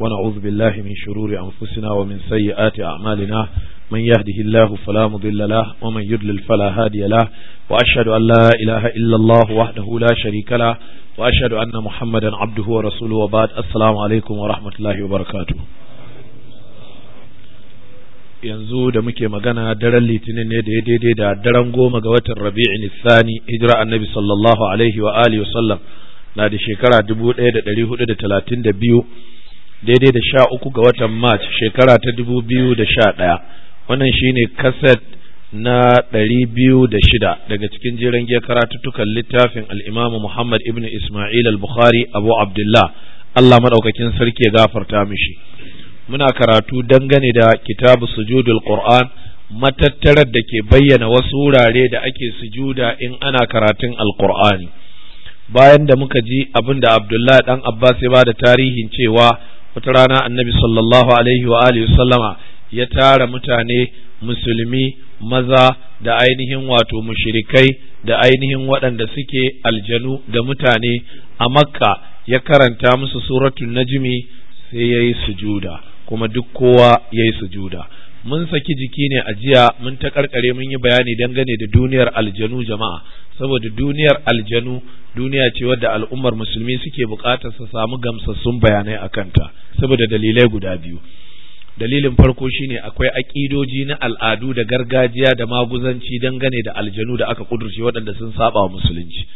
ونعوذ min من شرور أنفسنا ومن سيئات أعمالنا من يهده الله فلا مضل له ومن يضلل فلا هادي له وأشهد أن لا إله إلا الله وحده لا شريك له وأشهد أن محمدا عبده ورسوله وبعد السلام عليكم ورحمة الله وبركاته yanzu da muke magana daren litinin ne da ya daidai da daren goma ga watan rabi'i nisani hijira annabi sallallahu alaihi wa alihi wa sallam na da shekara dubu ɗaya da ɗari hudu da talatin da biyu daidai da sha uku ga watan march shekara ta dubu biyu da sha ɗaya wannan shine kaset na ɗari biyu da shida daga cikin jiran giya karatuttukan littafin al'imamu muhammad ibn ismail al-bukhari abu abdullah allah maɗaukakin sarki ya gafarta mishi muna karatu dangane da kitabu sujudul qur'an matattarar da ke bayyana wasu wurare da ake sujuda in ana karatun alqur'ani bayan da muka ji abinda da abdullahi dan abbas ya ba da tarihin cewa wata rana annabi sallallahu alaihi wa alihi sallama ya tara mutane musulmi maza da ainihin wato mushirikai da ainihin waɗanda suke aljanu da mutane a makka ya karanta musu suratul najmi sai ya yi sujuda kuma duk kowa ya yi sujuda mun saki jiki ne a jiya mun ta karkare mun yi bayani dangane da duniyar aljanu jama'a saboda duniyar aljanu duniya ce wadda al'ummar musulmi suke bukatar su samu gamsassun bayanai a kanta saboda dalilai guda biyu dalilin farko shine akwai aƙidoji na al'adu da gargajiya da maguzanci dangane da aljanu da aka kudurce waɗanda sun saba wa musulunci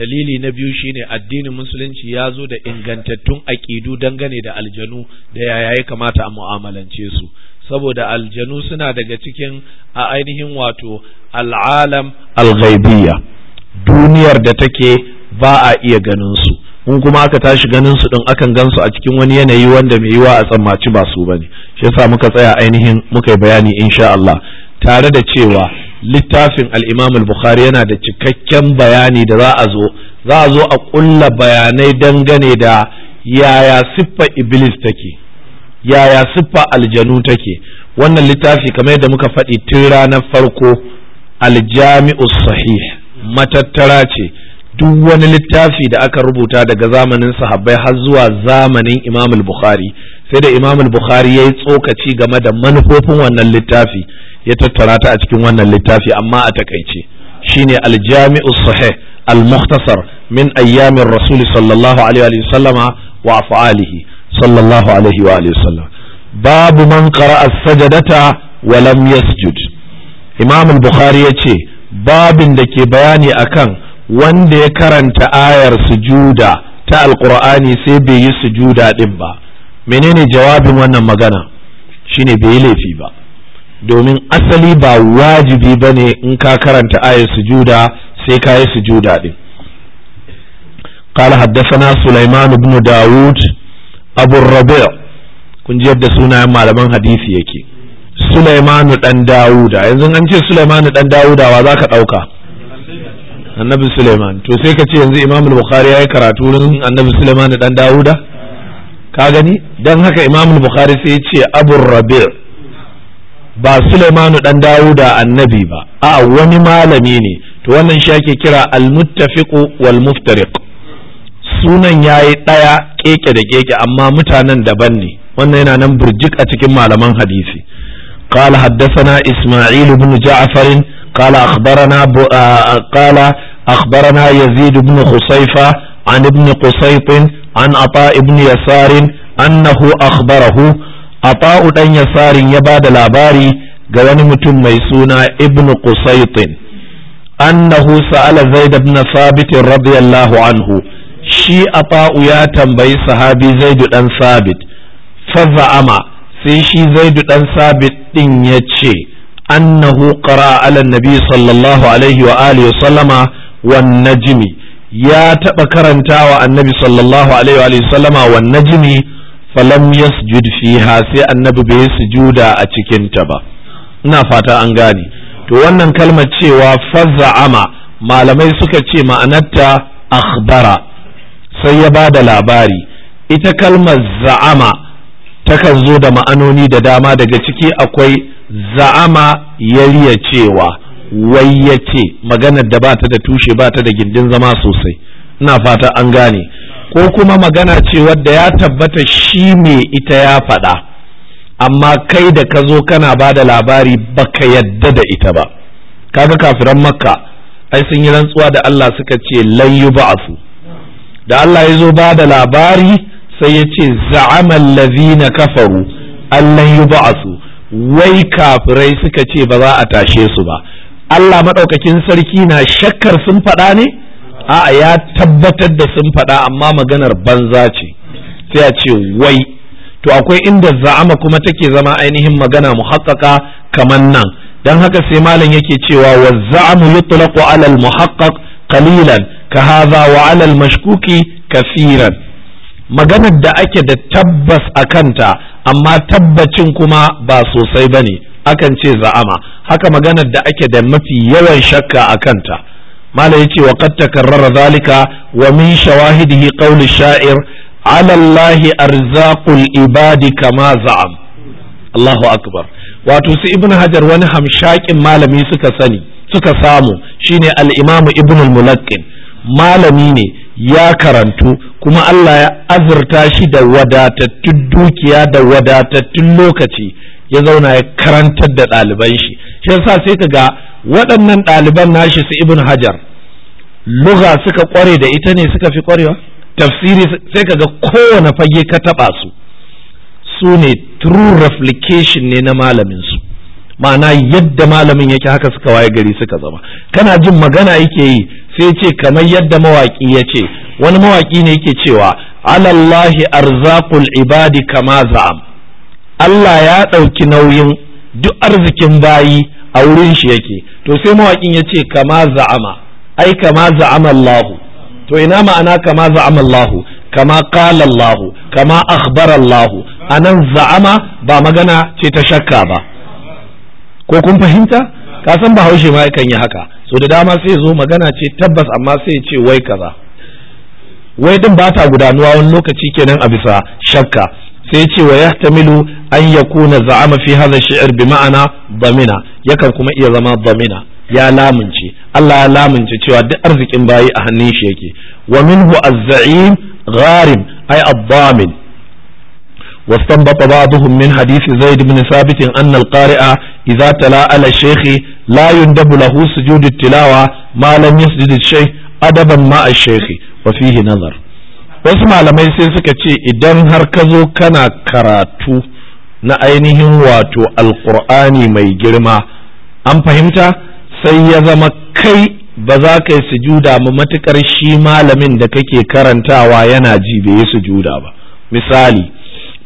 dalili na biyu shine addinin musulunci ya zo da ingantattun aƙidu dangane da aljanu da yaya ya kamata a mu'amalance su saboda aljanu suna daga cikin a ainihin wato al'alam alghaibiyya duniyar da take ba a iya ganin su in kuma aka tashi ganin su din akan gansu a cikin wani yanayi wanda mai yiwa a tsammaci ba su bane shi yasa muka tsaya ainihin muka yi bayani insha Allah tare da cewa littafin al-Imam al-Bukhari yana da cikakken bayani da za a zo za a zo a kulla bayanai dangane da yaya siffa iblis take yaya siffa aljanu take wannan littafi kamar yadda muka faɗi tun ranar farko aljami'u sahih matattara ce duk wani littafi da aka rubuta daga zamanin sahabbai har zuwa zamanin imam bukhari sai da imam bukhari ya yi tsokaci game da manufofin wannan littafi ya tattara ta a cikin wannan littafi amma a takaice shine aljami'u sahih al-mukhtasar min ayyamin rasul sallallahu alaihi wa sallama wa af'alihi sallallahu alaihi wa alihi wasallam babu man qara'a sajadata wa lam yasjud imam al-bukhari yace babin da ke bayani akan wanda ya karanta ayar sujuda ta alqur'ani sai bai yi sujuda din ba menene jawabin wannan magana shine bai yi laifi ba domin asali ba wajibi ba ne in ka karanta ayar sujuda sai ka yi sujuda ɗin. haddasa na سليمان بن داود abu rabi' kun ji yadda sunayen malaman hadisi yake sulaimanu dan dawuda yanzu an ce sulaimanu dan dawuda wa za ka ɗauka? annabi Suleiman, to sai ka ce yanzu imam bukhari ya yi karatu wurin annabi sulaiman dan dawuda ka gani Don haka imam bukhari sai ce abu rabi' ba Suleimanu dan dawuda annabi ba a wani malami ne to wannan shi ake kira al-muttafiq wal muftariq sunan ya yi ɗaya keke da keke amma mutanen daban ne wannan yana nan burjik a cikin malaman hadisi قال حدثنا إسماعيل بن جعفر قال أخبرنا ب... قال أخبرنا يزيد بن خصيفة عن ابن قصيط عن عطاء بن يسار أنه أخبره عطاء بن يسار يباد لاباري قواني متم ميسونا ابن قصيط أنه سأل زيد بن ثابت رضي الله عنه shi afa'u ya tambayi sahabi zaidu dan sabit faza'ama sai shi zaidu ɗan sabit ɗin ya ce annahu qara ala nabi sallallahu alaihi wa alihi wa sallama wan najmi ya taba annabi sallallahu alaihi wa alihi sallama wan najmi falam yasjud fiha sai annabi bai sujuda a cikin ta ba ina fata an gane to wannan kalmar cewa faza'ama malamai suka ce ma'anarta akhbara sai ya ba da labari ita kalmar za'ama takan zo da ma'anoni da dama daga ciki akwai za'ama yariya cewa wai ya ce maganar da ba ta da tushe ba ta da gindin zama sosai ina fata an gane ko kuma magana ce wadda ya tabbata shi ne ita ya faɗa amma kai da ka zo kana ba da labari baka yadda da ita ba kaga kafiran makka ai sun yi rantsuwa da Allah suka ce lan yub'asu da Allah ya zo ba da labari sai ya ce za'amal lazina kafaru allan baasu wai kafirai suka ce ba za a tashe su ba Allah Maɗaukakin sarki na shakkar sun faɗa ne a'a ya tabbatar da sun faɗa amma maganar banza ce sai a ce wai to akwai inda za'ama kuma take zama ainihin magana muhaqqaqa kamar nan don haka sai malam yake cewa wa za'amu yutlaqu ala al muhaqqaq qalilan ka haza wa alal mashkuki kasiran maganar da ake da tabbas a kanta amma tabbacin kuma ba sosai ba ne akan ce za'ama haka maganar da ake da mafi yawan shakka a kanta mala ya ce wa qad takarrara zalika wa min shawahidihi qawli sha'ir ala allahi arzaqul ibadi kama za'am Allahu akbar wato su ibnu hajar wani hamshakin malami suka sani suka samu shine al-imam ibn al-mulaqqin malami ne ya karantu kuma Allah ya azurta shi da wadatattun dukiya da wadatattun lokaci ya zauna ya karantar da ɗaliban shi shi yasa sai ka ga waɗannan ɗaliban nashi su ibn hajar luga suka ƙware da ita ne suka fi ƙwarewa tafsiri sai ka ga kowane fage ka taɓa su su ne true replication ne na malamin su ma'ana yadda malamin yake haka suka waye gari suka zama kana jin magana yake yi sai ce kamar yadda mawaƙi ya ce wani mawaƙi ne yake cewa alallahi arzakul ibadi kama za'am Allah ya ɗauki nauyin duk arzikin bayi a wurin shi yake to sai mawaƙin ya ce kama za'ama ai kama za'ama Allahu to ina ma'ana kama za'ama Allahu kama qala Allahu kama akhbara Allahu anan za'ama ba magana ce ta shakka ba ko kun fahimta ka san bahaushe ma yakan yi haka so da dama sai zo magana ce tabbas amma sai ce wai kaza wai din ba ta gudanuwa wani lokaci kenan a bisa shakka sai ce wa yahtamilu an yakuna za'ama fi hadha shi'r bi ma'ana damina yakan kuma iya zama damina ya lamunce Allah ya lamunce cewa duk arzikin bayi a hannun shi yake wa minhu az-za'im gharim ay ad-damin واستنبط بعضهم من حديث زيد بن ثابت أن القارئ إذا تلا على الشيخ la yundabu lahu sujudu tilawa ma lam yasjud shay adaban ma ash-shaykh nazar wasu malamai sai suka ce idan har ka zo kana karatu na ainihin wato Alkur'ani mai girma an fahimta sai ya zama kai ba za ka yi sujuda ma matukar shi malamin da kake karantawa yana ji bai yi sujuda ba misali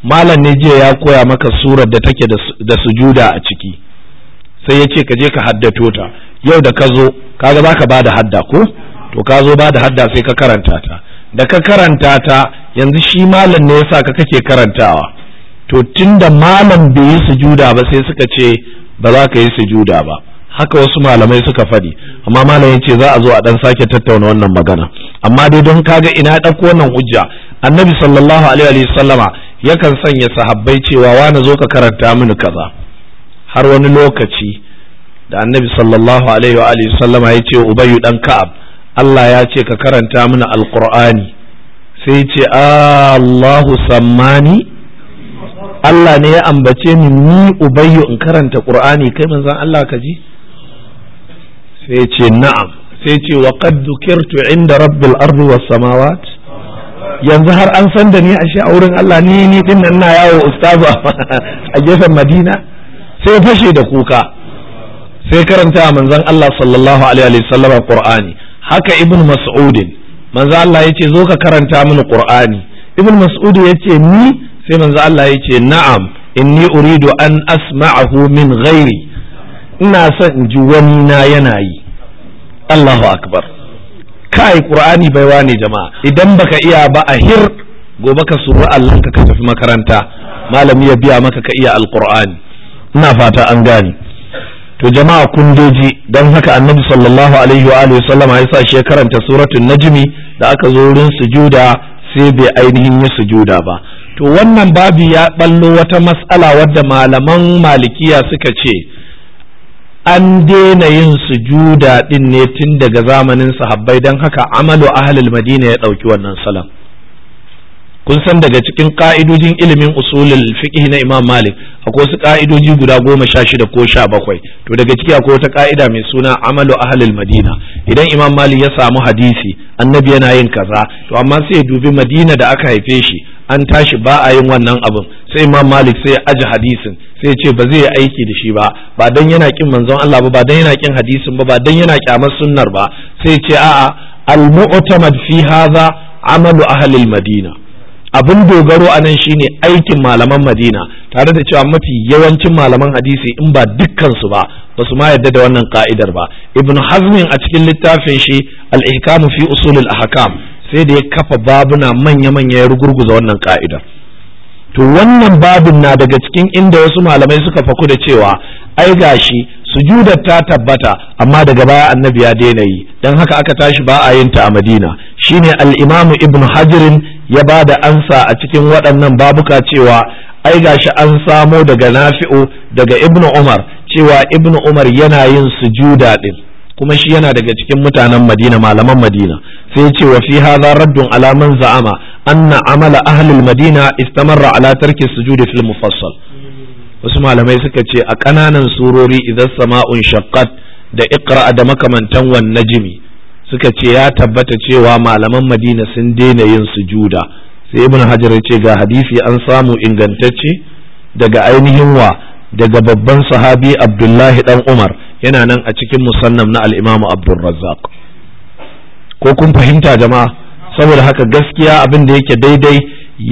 malam ne jiya ya koya maka surar da take da sujuda a ciki sai ya ce ka je ka haddato ta yau da ka zo kaga za ka bada hadda ko to ka zo bada hadda sai ka karanta ta da ka karanta ta yanzu shi malam ne yasa ka kake karantawa to tunda malam bai yi sujuda ba sai suka ce ba za ka yi sujuda ba haka wasu malamai suka faɗi amma malam ya ce za a zo a ɗan sake tattauna wannan magana amma dai don kaga ina ɗauko wannan hujja annabi sallallahu alaihi wa sallama yakan sanya sahabbai cewa wani zo ka karanta mini kaza har wani lokaci da annabi sallallahu alaihi wa alihi sallama ya ce ubayyu dan ka'ab Allah ya ce ka karanta mana alqur'ani sai ya ce Allahu sammani Allah ne ya ambace ni ni in karanta qur'ani kai manzon Allah ka ji sai ya ce na'am sai ya ce wa qad dhukirtu inda rabbil ardi was samawat yanzu har an san da ni shi a wurin Allah ni ni din nan na yawo ustaza a gefen Madina sai fashe da kuka sai karanta manzon Allah sallallahu alaihi wa sallam Qur'ani haka ibn mas'ud manzon Allah yace zo ka karanta mini Qur'ani ibn mas'ud yace ni sai manzon Allah yace na'am inni uridu an asma'ahu min ghairi ina son in ji wani na yana yi Allahu akbar kai Qur'ani bai ne jama'a idan baka iya ba a hir gobe ka suru Allah ka tafi makaranta malami ya biya maka ka iya alqur'ani ina fata an gane to jama'a kun doji don haka annabi sallallahu alaihi wa alihi sallama ya sa shi karanta suratul najmi da aka zo wurin sujuda sai bai ainihin yi sujuda ba to wannan babi ya ballo wata mas'ala wadda malaman malikiya suka ce an daina yin sujuda din ne tun daga zamanin sahabbai don haka amalu ahlul madina ya ɗauki wannan salam kun san daga cikin ka'idojin ilimin usulul fiqh na Imam Malik akwai wasu ka'idoji guda goma sha shida ko sha bakwai to daga ciki akwai wata ka'ida mai suna amalu ahlul madina idan Imam Malik ya samu hadisi annabi yana yin kaza to amma sai ya dubi madina da aka haife shi an tashi ba a yin wannan abin sai Imam Malik sai ya aji hadisin sai ya ce ba zai yi aiki da shi ba ba dan yana kin manzon Allah ba ba dan yana kin hadisin ba ba dan yana kyamar sunnar ba sai ya ce a'a al-mu'tamad fi hadha amalu ahlul madina abin dogaro a nan shine aikin malaman madina tare da cewa mafi yawancin malaman hadisi in ba dukkansu ba ba su ma yadda da wannan ka'idar ba ibn hazmin a cikin littafin shi al ihkam fi al ahkam sai da ya kafa babuna manya-manya ya rugurguza wannan ka'idar to wannan babin na daga cikin inda wasu malamai suka faku da cewa ai gashi sujudar ta tabbata amma daga baya annabi ya daina yi don haka aka tashi ba a yin ta a madina shine al-imamu ibn hajirin ya ba da ansa a cikin waɗannan babuka cewa ai gashi an samo daga nafi'u daga ibnu umar cewa ibnu umar yana yin sujuda din kuma shi yana daga cikin mutanen madina malaman madina sai ce wa fi hadha raddun ala man za'ama anna amala ahlul madina istamarra ala tarki sujudi fil mufassal wasu malamai suka ce a ƙananan surori idan sama'un shaqqat da iqra da makamantan wan najmi suka ce ya tabbata cewa malaman madina sun daina yin sujuda sai ibn hajar ya ce ga hadisi an samu ingantacce daga ainihin wa daga babban sahabi abdullahi dan umar yana nan a cikin musannam na al'imamu abdulrazzaq ko kun fahimta jama'a saboda haka gaskiya abin da yake daidai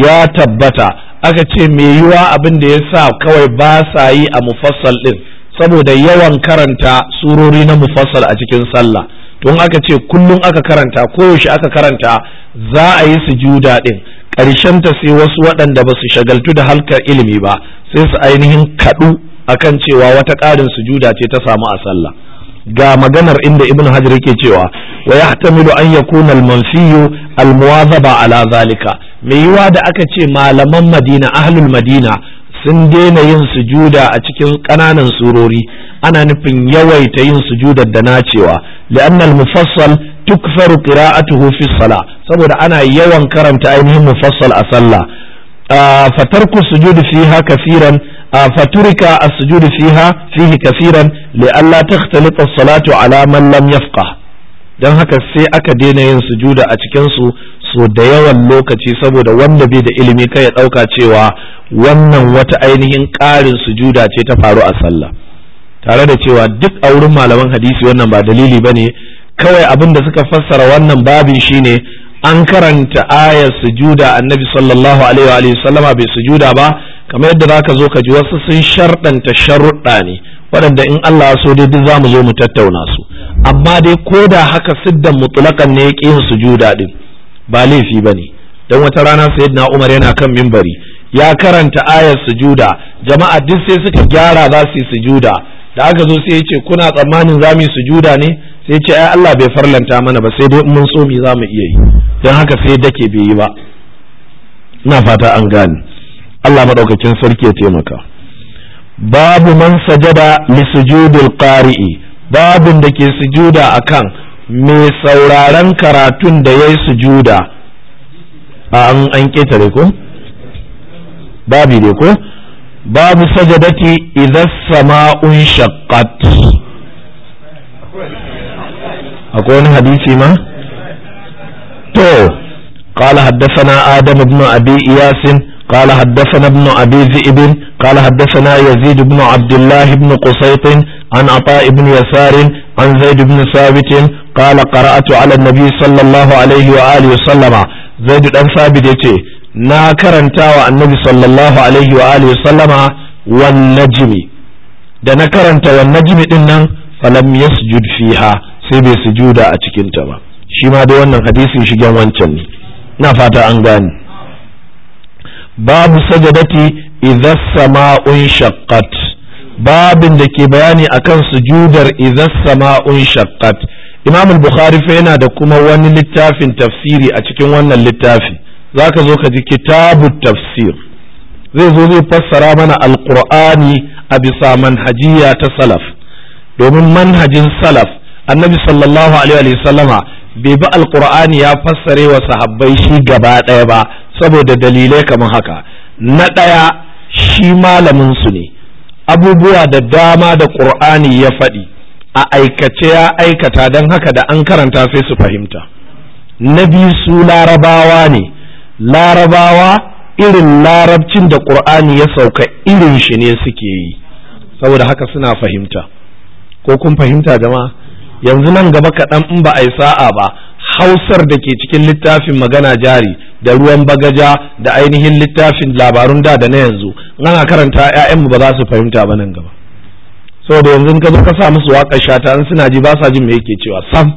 ya tabbata aka ce me yiwa abin da ya sa kawai ba sa yi a mufassal din saboda yawan karanta surori na mufassal a cikin sallah tun aka ce kullum aka karanta koyaushe aka karanta za a yi sujuda din ƙarshen ta sai wasu waɗanda ba su shagaltu da halkar ilimi ba sai su ainihin kaɗu akan cewa wata ƙarin sujuda ce ta samu a sallah ga maganar inda ibn hajar yake cewa wa yahtamilu an yakuna al-manfiyu al-muwadhaba ala zalika mai yiwa da aka ce malaman madina ahlul madina sun daina yin sujuda a cikin ƙananan surori ana nufin yawaita yin sujudar da nacewa li'anna al-mufassal tukfaru qira'atuhu fi sala saboda ana yawan karanta ainihin mufassal a sallah fatarku sujudi fiha kafiran faturika as-sujudu fiha fihi kafiran li'alla takhtalita as-salatu ala man lam yafqah don haka sai aka daina yin sujuda a cikinsu so da yawan lokaci saboda wanda bai da ilimi kai ya ɗauka cewa wannan wata ainihin ƙarin sujuda ce ta faru a sallah tare da cewa duk a wurin malaman hadisi wannan ba dalili ba ne kawai abin da suka fassara wannan babin shi ne an karanta ayar sujuda annabi sallallahu alaihi wa sallama bai sujuda ba kamar yadda za ka zo ka ji wasu sun sharɗanta sharuɗa ne waɗanda in Allah ya so dai duk mu zo mu tattauna su amma dai ko da haka siddan mutulakan ne yake yin sujuda din ba laifi ba ne. dan wata rana sayyidina Umar yana kan mimbari. ya karanta ayar sujuda jama'a duk sai suka gyara za su yi sujuda da aka zo sai ya ce kuna tsammanin za mu sujuda ne sai ce ai Allah bai farlanta mana ba sai dai mun so mu za mu iya yi don haka sai dake bai yi ba ina fata an gane Allah madaukakin sarki ya taimaka babu man sajada li sujudil qari'i babun da ke sujuda akan mai sauraron karatun da yayi sujuda a an an ko babi ne ko babu sajadati idan sama'un shaqqat akwai wani hadisi ma to قال حدثنا آدم بن أبي إياس قال حدثنا ابن أبي ذئب قال حدثنا يزيد بن عبد الله بن قسيط عن عطاء بن يسار عن زيد بن ثابت قال قرأت على النبي صلى الله عليه وآله وسلم زيد بن ثابت يتي na karanta wa annabi sallallahu alaihi wa alihi sallama wan najmi da na karanta wan najmi din nan falam yasjud fiha sai bai sujuda a cikin ta ba shi ma da wannan shi gan wancan ne na fata an gane babu sajadati idza sama'un shaqqat babin da ke bayani akan sujudar idza sama'un shaqqat imam bukhari fa yana da kuma wani littafin tafsiri a cikin wannan littafi za ka zo ka ji kitabu tafsir zai zo zai fassara mana alkur'ani a bisa manhajiya ta salaf domin manhajin salaf annabi sallallahu alaihi sallama bai bi alkur'ani ya fassare wa sahabbai shi gaba ɗaya ba saboda dalilai kamar haka na ɗaya shi malamin su ne abubuwa da dama da ƙur'ani ya faɗi a aikace ya aikata don haka da an karanta sai su fahimta na biyu su larabawa ne larabawa irin larabcin da ƙur'ani ya sauka irin shi ne suke yi saboda haka suna fahimta ko kun fahimta jama'a yanzu nan gaba kaɗan in ba a yi sa'a ba hausar da ke cikin littafin magana jari da ruwan bagaja da ainihin littafin labarun da da na yanzu nan a karanta 'ya'yanmu ba za su fahimta ba nan gaba saboda yanzu ka zo ka sa musu waƙar shata in suna ji ba sa jin me yake cewa sam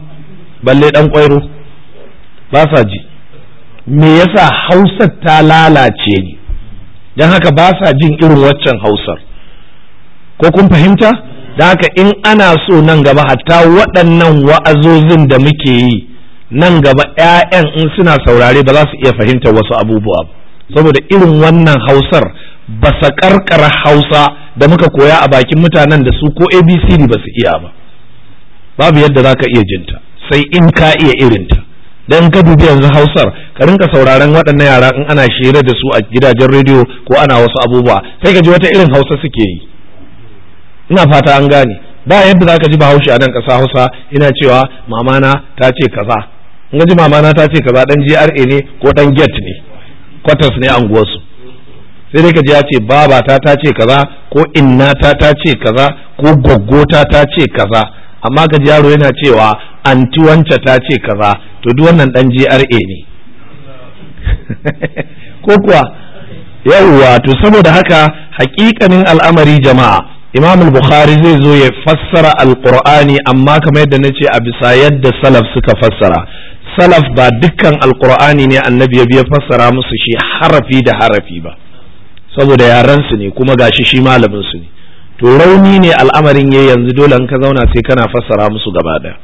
balle ɗan ƙwairo ba sa ji me yasa hausar ta lalace ni? don haka ba sa jin irin waccan hausar ko kun fahimta da haka in ana so nan gaba hatta waɗannan wa'azozin da muke yi nan gaba 'ya'yan in suna saurare ba za su iya fahimtar wasu abubuwa saboda irin wannan hausar ba sa karkara hausa da muka koya a bakin mutanen da su ko abcd ba su iya ba babu yadda za ka iya jinta sai in ka iya irinta dan ka dubi yanzu hausar ka rinka sauraron waɗannan yara in ana shira da su a gidajen rediyo ko ana wasu abubuwa sai ka ji wata irin hausa suke yi ina fata an gane ba yadda zaka ji bahaushe a nan ƙasa hausa ina cewa mamana ta ce kaza in ga ji mamana ta ce kaza dan GRA ne ko dan get ne kwatas ne anguwarsu sai dai ka ji ya ce babata ta ce kaza ko innata ta ce kaza ko gwaggota ta ce kaza amma ka ji yaro yana cewa anti wance ta ce kaza to duk wannan dan GRA ne ko kuwa yawwa to saboda haka hakikanin al'amari jama'a imam bukhari zai zo ya fassara alqur'ani amma kamar yadda na ce a bisa yadda salaf suka fassara salaf ba dukkan alqur'ani ne annabi ya biya fassara musu shi harafi da harafi ba saboda yaran ne kuma gashi shi malamin su ne to rauni ne al'amarin ya yanzu dole ka zauna sai kana fassara musu gaba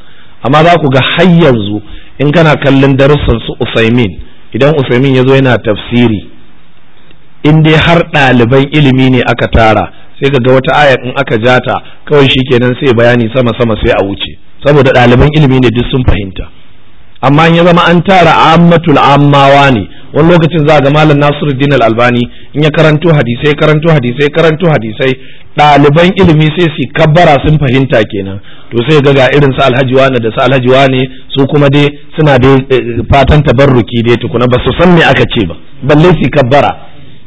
amma za ku ga har yanzu in kana kallon darussan su usaimin idan usaimin ya zo yana tafsiri in dai har ɗaliban ilimi ne aka tara sai ka ga wata aya in aka jata kawai shi kenan sai bayani sama sama sai a wuce saboda ɗaliban ilimi ne duk sun fahimta amma in ya zama an tara ammatul ammawa ne wani lokacin za ga malam Nasiru Dinal albani in ya karanto hadisai karanto hadisai karanto hadisai ɗaliban ilimi sai su kabbara sun fahimta kenan to sai ga ga irin su alhaji wani da su alhaji wani, su kuma dai suna dai eh, fatan tabarruki dai tukuna ba su san me aka ce ba balle su kabbara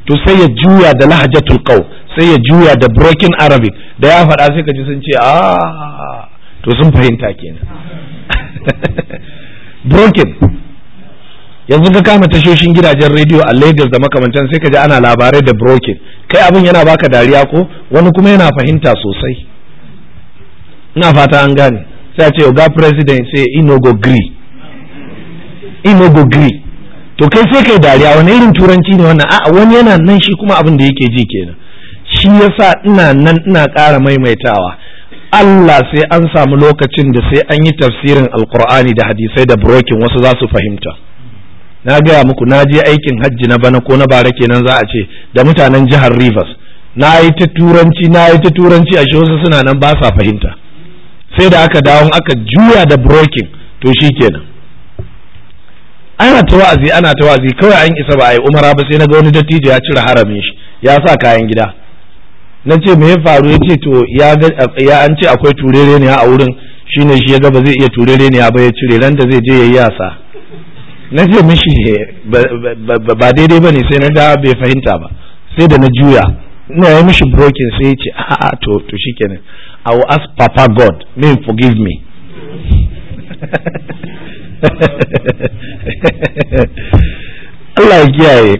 to sai ya juya da lahajatul qaw sai ya juya da broken arabic da ya faɗa sai ka ji sun ce a ah. to sun fahimta kenan broken yanzu ka kama tashoshin gidajen rediyo a Lagos da makamantan sai ka ji ana labarai da broken kai abin yana baka dariya ko wani kuma yana fahimta sosai ina fata an gane sai a ce ga president sai inogo gree inogo gree to kai sai kai dariya wani irin turanci ne wannan a wani yana nan shi kuma abin da yake ji kenan shi yasa ina nan ina ƙara maimaitawa Allah sai an samu lokacin da sai an yi tafsirin alkur'ani da hadisai da brokin wasu za su fahimta na gaya muku na je aikin hajji na bana ko na bara kenan za a ce da mutanen jihar Rivers na yi ta turanci na yi ta turanci a shi wasu suna nan ba sa fahimta sai da aka dawo aka juya da broking to shi kenan ana ta wa'azi ana ta wa'azi kawai an isa ba a yi umara ba sai na ga wani dattijo ya cire haramin shi ya sa kayan gida na ce me ya faru ya ce to ya an ce akwai turereniya a wurin shine shi ya ga ba zai iya turereniya ba ya cire ran da zai je ya yi yasa na ce mishi ba daidai ba ne sai na ga bai fahimta ba sai da na juya na yi mishi broken sai ya ce a ah, ah, to to kenan i will ask papa god may forgive me Allah ya kiyaye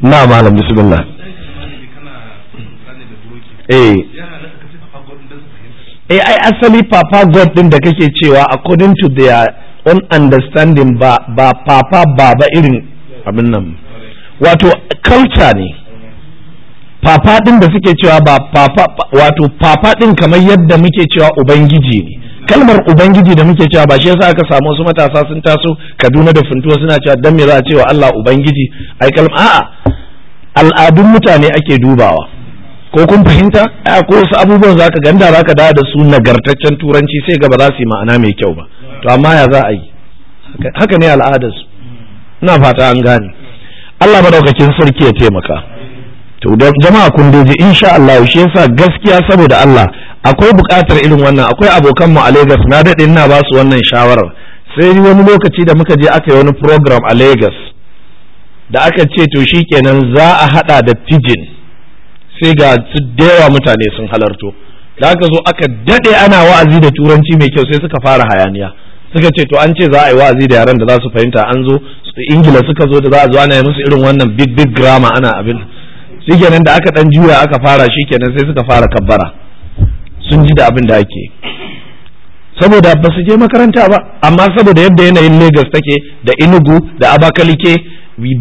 na malam bismillah eh eh ai asali papa god din da kake cewa according to their on understanding ba ba papa baba irin abin nan wato culture ne papa din da suke cewa ba papa wato papa din kamar yadda muke cewa ubangiji ne kalmar ubangiji da muke cewa ba shi yasa aka samu wasu matasa sun taso Kaduna da Funtuwa suna cewa dan me za a cewa Allah ubangiji ai kalma a'a al'adun mutane ake dubawa ko kun fahimta a ko wasu abubuwan za ka ganda zaka dawo da su nagartaccen turanci sai ga ba za su yi ma'ana mai kyau ba to amma ya za a yi haka ne al'adarsu ina fata an gane Allah madaukakin sarki ya taimaka to jama'a kun doje insha Allah shi yasa gaskiya saboda Allah akwai buƙatar irin wannan akwai abokan mu a Lagos na daɗe ina ba su wannan shawarar sai ni wani lokaci da muka je aka yi wani program a Lagos da aka ce to shikenan za a hada da pidgin sai ga da yawa mutane sun halarto da aka zo aka dade ana wa'azi da turanci mai kyau sai suka fara hayaniya suka ce to an ce za a yi wa'azi da yaran da za su fahimta an zo ingila suka zo da za a zo ana yi musu irin wannan big big grammar ana abin shikenan da aka dan juya aka fara shikenan sai suka fara kabbara sun ji da abin da ake saboda ba su je makaranta ba amma saboda yadda yanayin Lagos take da Inugu da Abakalike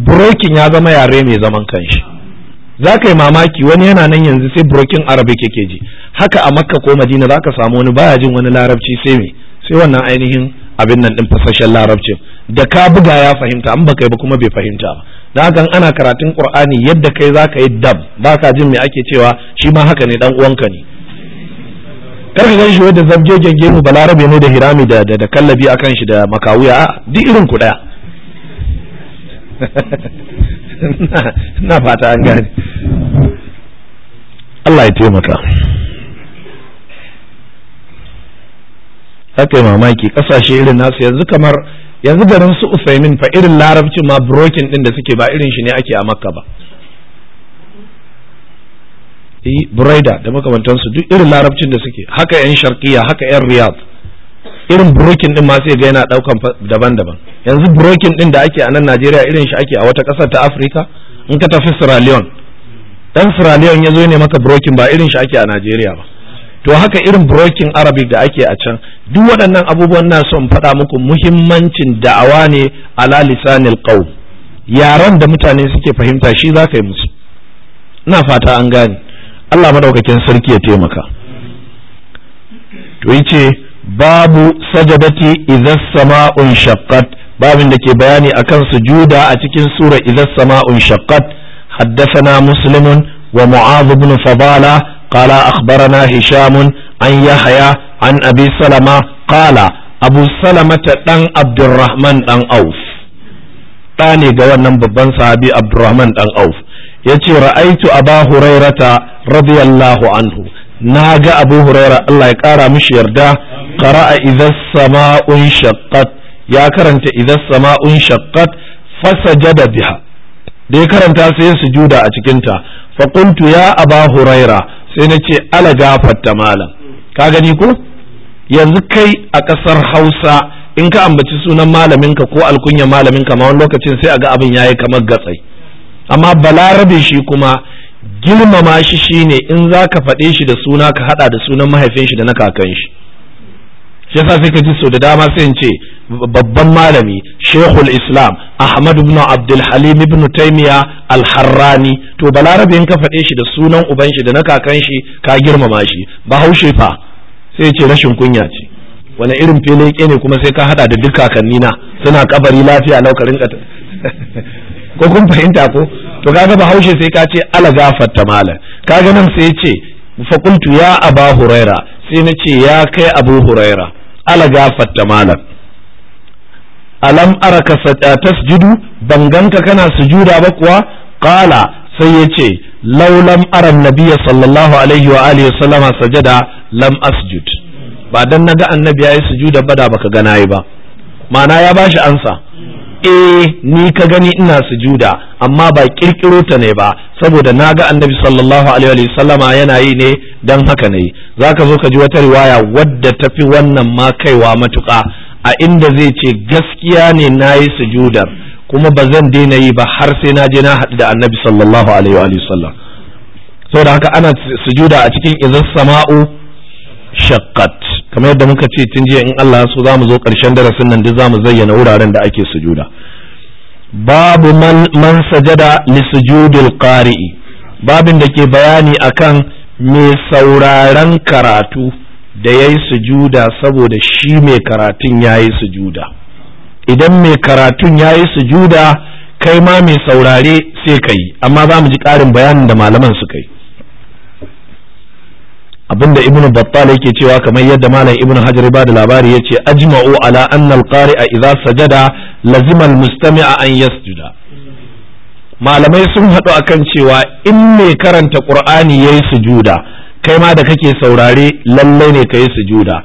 burokin ya zama yare mai zaman kanshi za ka yi mamaki wani yana nan yanzu sai burokin arabic yake ji haka a makka ko madina za ka samu wani baya jin wani larabci sai me sai wannan ainihin abin nan din fasashen larabcin da ka buga ya fahimta an baka yi ba kuma bai fahimta ba dan haka ana karatun qur'ani yadda kai za ka yi dab ba ka jin me ake cewa shi ma haka ne dan uwanka ne kar ka ganshi wanda zabjojen gemu balarabe ne da hirami da da kallabi akan shi da makawuya duk irin ku daya na fata an gane Allah ya taimaka haka yi mamaki kasashe irin nasu yanzu kamar yanzu garin su Usaimin fa irin larabcin ma brokin din da suke ba irin shi ne ake a makka ba eh, buraida da makamantansu duk irin larabcin da suke haka yan sharqiya haka yan riyadh irin brokin din ma sai ga yana daukan daban-daban yanzu brokin din da ake a nan Najeriya irin shi ake a wata ƙasar ta Afirka in ka tafi Sierra Leone dan Sierra Leone yazo ne maka brokin ba irin shi ake a Najeriya ba to haka irin brokin Arabic da ake a can duk waɗannan abubuwan na son faɗa muku muhimmancin da'awa ne ala lisanil qawm yaran da mutane suke fahimta shi za ka yi musu ina fata an gane Allah madaukakin sarki ya taimaka to yace babu sajadati idza sama'un shaqqat babin da ke bayani a kan sujuda a cikin sura idza sama'un haddasa na muslimun wa mu'adh ibn fadala qala akhbarana hisham an yahya an abi salama qala abu salama ta dan abdurrahman dan auf ɗa ne ga wannan babban sahabi abdurrahman dan auf yace ra'aitu aba hurairata radiyallahu anhu na ga abu huraira Allah ya ƙara mishi yarda qara'a idan sama'un shaqqat ya karanta idan sama'un shaqqat fasajada biha da ya karanta sai ya sujuda a cikin ta fa qultu ya aba huraira sai na ce ala gafarta malam ka gani ko yanzu kai a ƙasar Hausa in ka ambaci sunan malaminka ko alkunya malaminka ma wani lokacin sai a ga abin yi kamar gatsai amma balarabe shi kuma girmama shi shi ne in za ka faɗe shi da suna ka haɗa da sunan mahaifin shi da na kakan shi shi yasa sai ka ji sau da dama sai in ce babban malami shehul islam ahmad ibn abdul halim ibn taimiya al harrani to balarabe in ka faɗe shi da sunan uban shi da na kakan shi ka girmama shi bahaushe fa sai ce rashin kunya ce wani irin filin ne kuma sai ka haɗa da duk kakannina suna kabari lafiya laukarin ka ko kun fahimta ko to kaga bahaushe sai ka ce ala gafarta malam kaga nan sai ce fakultu ya aba huraira sai na ce ya kai abu huraira ala gafarta malam alam araka eh, tasjudu ban kana sujuda ba kuwa qala sai ya ce laulam aran nabiya sallallahu alaihi wa alihi sallama sajada lam asjud ba dan naga annabi yayi sujuda bada baka ga nayi ba ma'ana ya bashi ansa eh ni ka gani ina sujuda amma ba kirkiro ta ne ba saboda na ga annabi sallallahu alaihi sallama yana yi ne don haka ne za ka zo ka ji wata riwaya wadda ta fi wannan ma kaiwa matuƙa a inda zai ce gaskiya ne na yi sujudar kuma ba zan daina yi ba har sai na je na haɗu da annabi sallallahu alaihi sallam saboda haka ana sujuda a cikin izar sama'u shaqqat kamar yadda muka ce tun jiya in Allah so za mu zo ƙarshen darasin nan duk za mu zayyana wuraren da ake sujuda babu man, man sajada li sujudil qari'i babin da ke bayani akan mai sauraren karatu da yayi sujuda saboda shi mai karatun yayi sujuda idan mai karatun yayi sujuda kai ma mai saurare sai ka amma za mu ji ƙarin bayanin da malaman suka yi abinda ibnu battal yake cewa kamar yadda malam ibnu hajar ba da labari yace ajma'u ala anna al-qari'a idza sajada lazima al-mustami'a an yasjuda malamai sun haɗu akan cewa in mai karanta qur'ani yayi sujuda kai ma da kake saurare lalle ne kai sujuda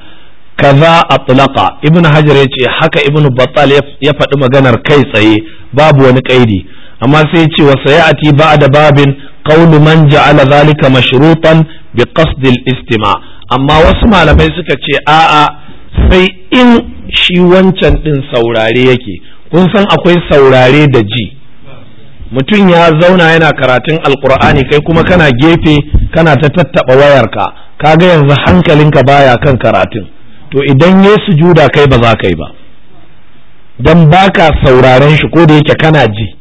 kaza atlaqa Ibnu hajar yace haka Ibnu battal ya faɗi maganar kai tsaye babu wani kaidi amma sai yace wa sayati ba'da babin qawlu man ja'ala zalika mashrutan bi qasdil istima amma wasu malamai suka ce a'a sai in shi wancan din saurare yake kun san akwai saurare da ji mutum ya zauna yana karatun alkur'ani kai kuma kana gefe kana ta tattaɓa wayarka kaga yanzu hankalinka baya kan karatun to idan ya sujuda kai ba za ka yi ba don baka sauraren shi ko da yake kana ji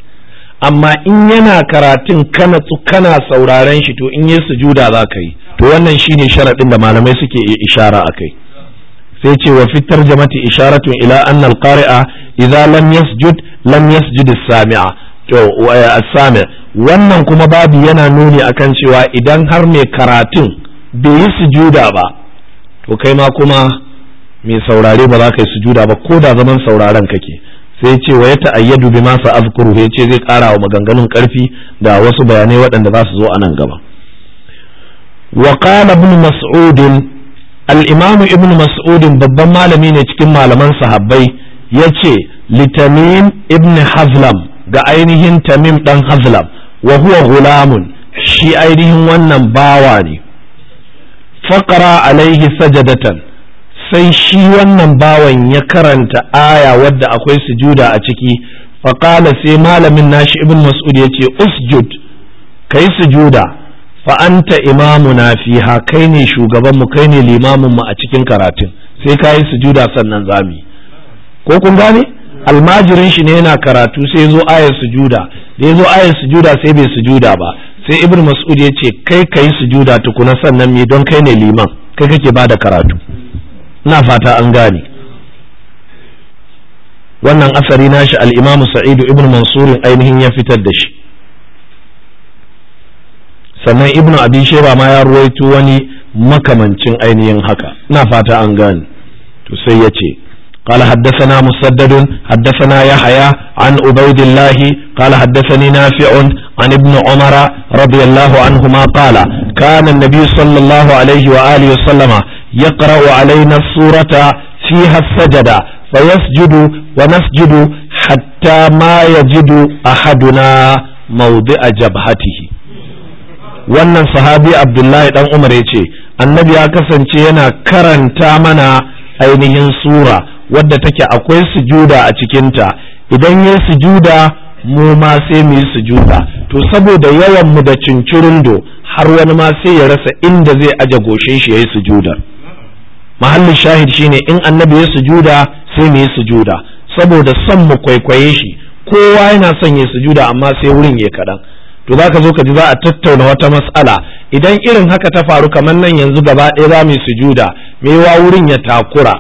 amma in yana karatun kana kana sauraren shi to in yi sujuda za ka yi to wannan shine sharaɗin da malamai suke ishara a kai sai ce wa jamati tarjamati isharatun ila annal qari'a idza lam yasjud lam yasjud as-sami'a to eh, as-sami' wannan kuma babu yana nuni akan cewa idan har mai karatun bai yi sujuda ba to kai ma kuma mai saurare ba za ka yi sujuda ba ko da zaman sauraren kake sai ce wa ya ta'ayyadu bi sa azkuru sai ce zai kara wa maganganun karfi da wasu bayanai waɗanda za su zo a nan gaba wa qala ibn mas'ud al ibn mas'ud babban malami ne cikin malaman sahabbai yace litamin ibn hazlam ga ainihin tamim ɗan hazlam wa huwa gulamun shi ainihin wannan bawa ne faqara alaihi sajadatan sai shi wannan bawan ya karanta aya wadda akwai sujuda a ciki faƙala sai malamin nashi ibn mas'ud ya ce usjud kai sujuda fa anta imamuna fiha kai ne shugabanmu kai ne limaminmu a cikin karatun sai ka yi sujuda sannan zami ko kun gane almajirin shi ne yana karatu sai zo ayar sujuda da ya zo ayar sujuda sai bai sujuda ba sai ibn mas'ud ya ce kai ka yi sujuda tukuna sannan me don kai ne liman kai kake ba da karatu Ina fata an gane wannan asari nashi al'imamu sa'idu ibn mansurin ainihin ya fitar da shi sannan ibn abi sheba ma ya ruwaito wani makamancin ainihin haka na fata an gane to sai ya ce قال حدثنا مسدد حدثنا يحيى عن عبيد الله قال حدثني نافع عن ابن عمر رضي الله عنهما قال كان النبي صلى الله عليه وآله وسلم يقرأ علينا السورة فيها السجدة فيسجد ونسجد حتى ما يجد أحدنا موضع جبهته wannan sahabi abdullahi dan umar ya ce annabi ya kasance yana karanta mana ainihin sura wadda take akwai sujuda a cikinta idan ya sujuda mu ma sai mu yi sujuda to saboda yawan mu da cincirindo har wani ma sai ya rasa inda zai aje goshin shi yayi sujudar mahallin shahid shine in annabi ya sujuda sai mu yi sujuda saboda son mu kwaikwaye shi kowa yana son ya sujuda amma sai wurin ya kaɗan to za ka zo ka ji za a tattauna wata matsala idan irin haka ta faru kamar nan yanzu gaba ɗaya za mu yi sujuda me wa wurin ya takura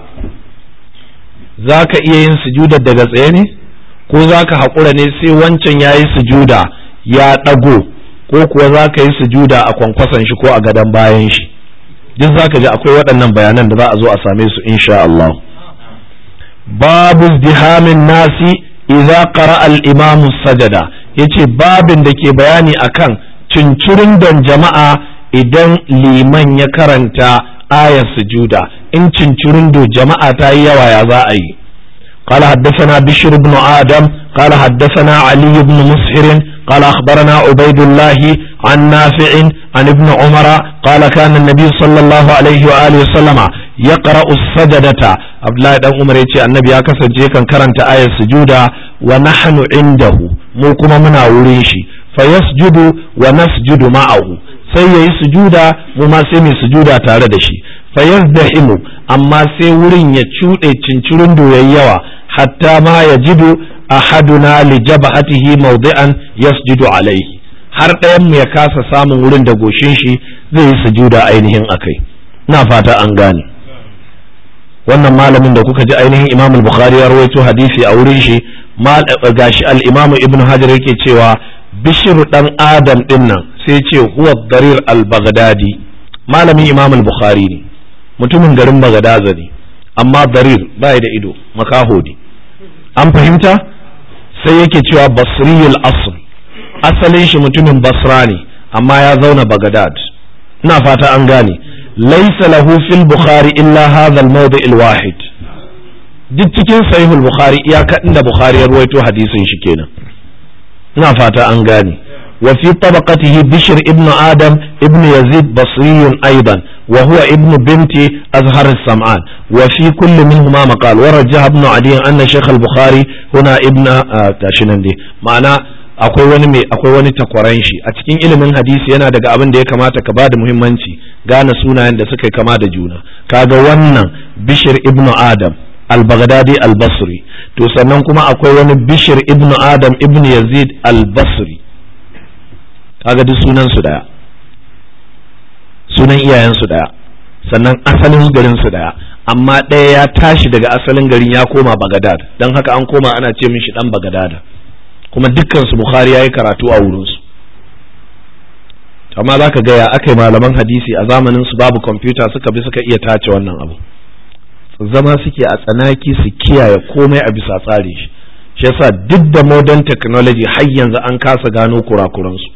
za ka iya yin sujudar daga tsaye ne ko za ka haƙura ne sai wancan ya yi sujuda ya ɗago ko kuwa za ka yi sujuda a kwankwason shi ko a gadon bayan shi duk zaka ji akwai waɗannan bayanan da za a zo a same su insha Allah babu zihamin nasi idza qara al imam sajada yace babin da ke bayani akan cincirin don jama'a idan liman ya karanta ayar sujuda in cincirin do jama'a ta yi yawa ya za a yi قال حدثنا بشر بن آدم قال حدثنا علي بن مسهر قال أخبرنا عبيد الله عن نافع عن ابن عمر قال كان النبي صلى الله عليه وآله وسلم يقرأ السجدة عبد الله بن عمر يتي النبي يا كسجي كان كرنت آية السجودة ونحن عنده مو منا wurin shi fayasjudu wa nasjudu ma'ahu sai yayi sujuda mu ma sai mu sujuda tare da shi fayazdahimu amma sai wurin ya cuɗe cincirin doyayi yawa hatta ma yajidu ahaduna li jabhatihi mawdi'an yasjudu alayhi har ɗayan mu ya kasa samun wurin da goshin shi zai yi sujuda ainihin akai na fata an gane wannan malamin da kuka ji ainihin Imam al-Bukhari ya rawaito hadisi a wurin shi gashi al-Imam Ibn Hajar yake cewa bishiru dan Adam din nan sai ce huwa darir al-Baghdadi malamin Imam al-Bukhari ne mutumin garin bagadaza ne amma darir bai da ido makaho ne an fahimta sai yake cewa basriyul asl asalin shi mutumin basra ne amma ya zauna bagadad ina fata an gane laisa lahu fil bukhari illa hadha al mawdi' al wahid duk cikin sahihul bukhari ya kadin da bukhari ya ruwaito hadisin shi kenan ina fata an gane wa fi tabaqatihi bishr ibn adam ibn yazid basri aidan wa huwa ibn binti azhar sam'an wa fi kulli minhuma maqal wa rajah ibn adi anna shaykh al bukhari huna ibn ah, ma'ana akwai wani mai akwai wani takwaran shi a cikin ilimin hadisi yana daga abin da ya kamata ka bada muhimmanci gane sunayen da suka kama da juna kaga wannan bishir ibnu adam al-baghdadi al-basri to sannan kuma akwai wani bishir ibnu adam ibnu yazid al-basri kaga duk sunan su daya sunan iyayen su daya sannan asalin garin su daya amma ɗaya ya tashi daga asalin garin ya koma bagadad don haka an koma ana ce mishi dan bagadada kuma dukkansu bukhari ya yi karatu a wurinsu amma za ka gaya aka malaman hadisi a zamanin su babu kwamfuta suka bi suka iya tace wannan abu zama suke a tsanaki su kiyaye komai a bisa tsari shi shi yasa duk da modern technology har yanzu an kasa gano kurakuransu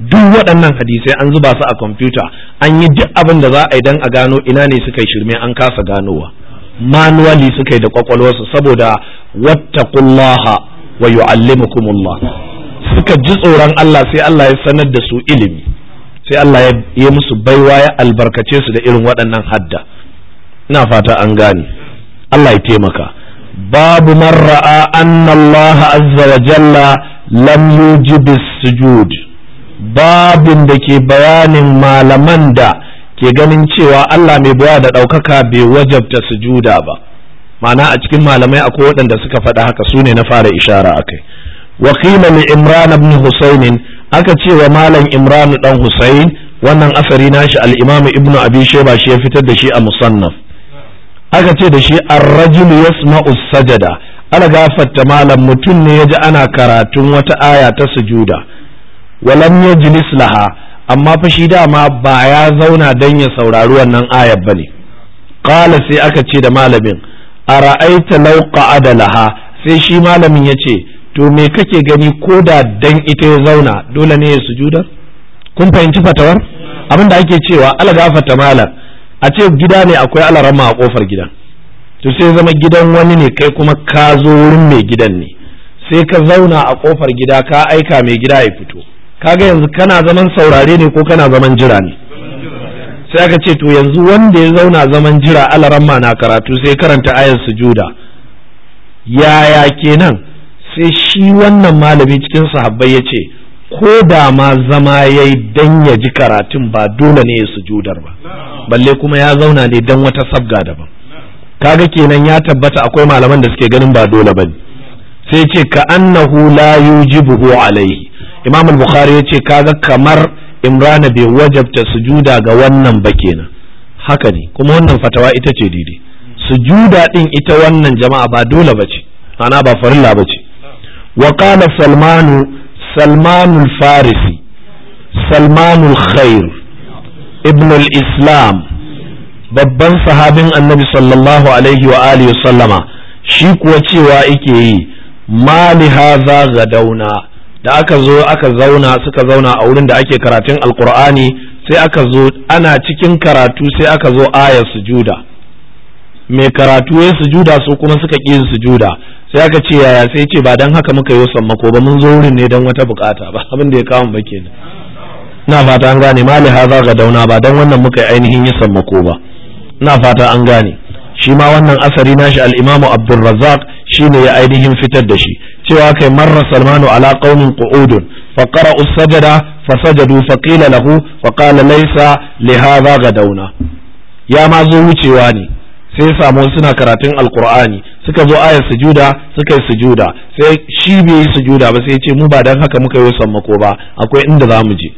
duk waɗannan hadisai an zuba su a kwamfuta an yi duk abin da za a yi don a gano ina ne suka shirme an kasa ganowa manuwali suka yi da kwakwalwarsu saboda wattaqullaha wa yu'allimukumullah suka ji tsoron Allah sai Allah ya sanar da su ilimi sai Allah ya yi musu baiwa ya albarkace su da irin waɗannan hadda ina fata an gane Allah ya taimaka babu man ra'a anna Allah azza wa jalla lam yujib sujud babin da ke bayanin malaman da ke ganin cewa Allah mai baya da ɗaukaka bai wajabta sujuda ba ma'ana a cikin malamai akwai waɗanda suka faɗa haka su ne na fara ishara a kai wa qila li imran ibn husayn aka ce wa malam imran dan husayn wannan asari nashi al-imam ibn abi shayba shi ya fitar da shi a musannaf aka ce da shi ar-rajulu yasma'u sajada ana gafarta malam mutum ne ya ji ana karatun wata aya ta sujuda walam yajlis laha amma fa shi dama ba ya zauna dan ya saurari wannan ayar bane qala sai aka ce da malamin a ra'aita lauka adalaha sai shi malamin ya ce to me kake gani ko da dan ita ya zauna dole ne ya sujuda kun fahimci fatawar abin da ake cewa algafata malam a ce gida ne akwai alarama a kofar gidan to sai zama gidan wani ne kai kuma ka zo wurin mai gidan ne sai ka zauna a kofar gida ka aika mai gida ya fito kaga yanzu kana zaman saurare ne ko kana zaman jira ne sai aka ce to yanzu wanda ya zauna zaman jira alaramma na karatu sai karanta ayar sujuda yaya kenan sai shi wannan malami cikin sahabbai ya ce ko da ma zama ya yi don ya ji karatun ba dole ne ya sujudar ba balle kuma ya zauna ne don wata sabga daban kaga kenan ya tabbata akwai malaman da suke ganin ba dole ba sai ce ka annahu la yujibuhu alaihi imam al-bukhari yace kaga kamar imrana bai wajabta sujuda ga wannan ba kenan haka ne kuma wannan fatawa ita ce daidai sujuda din ita wannan jama'a ba dole ba ce ana ba farilla ba ce wa qala salmanu salmanul farisi salmanul khair ibnul islam babban sahabin annabi sallallahu alaihi wa alihi sallama shi kuwa cewa yake yi mali haza ga dauna. da aka zo aka zauna suka zauna a wurin da ake karatun alkur'ani sai aka zo ana cikin karatu sai aka zo ayar sujuda mai karatu ya sujuda su kuma suka ƙi sujuda sai aka ce yaya sai ce ba dan haka muka yi sammako ba mun zo wurin ne dan wata bukata ba abin da ya kawo ba kenan ina fata an gane mali haza ga dauna ba dan wannan muka yi ainihin yi sammako ba ina fata an gane shi ma wannan asari nashi al Abdulrazak shi ne shine ya ainihin fitar da shi cewa kai marra salmanu ala qaumin qu'udun fa qara'u sajada fa sajadu fa qila lahu fa qala laysa li hadha gadawna ya ma zo wucewa ne sai samu suna karatun alqur'ani suka zo ayar sujuda suka yi sujuda sai shi bai yi sujuda ba sai ya ce mu ba dan haka muka yi sammako ba akwai inda za mu je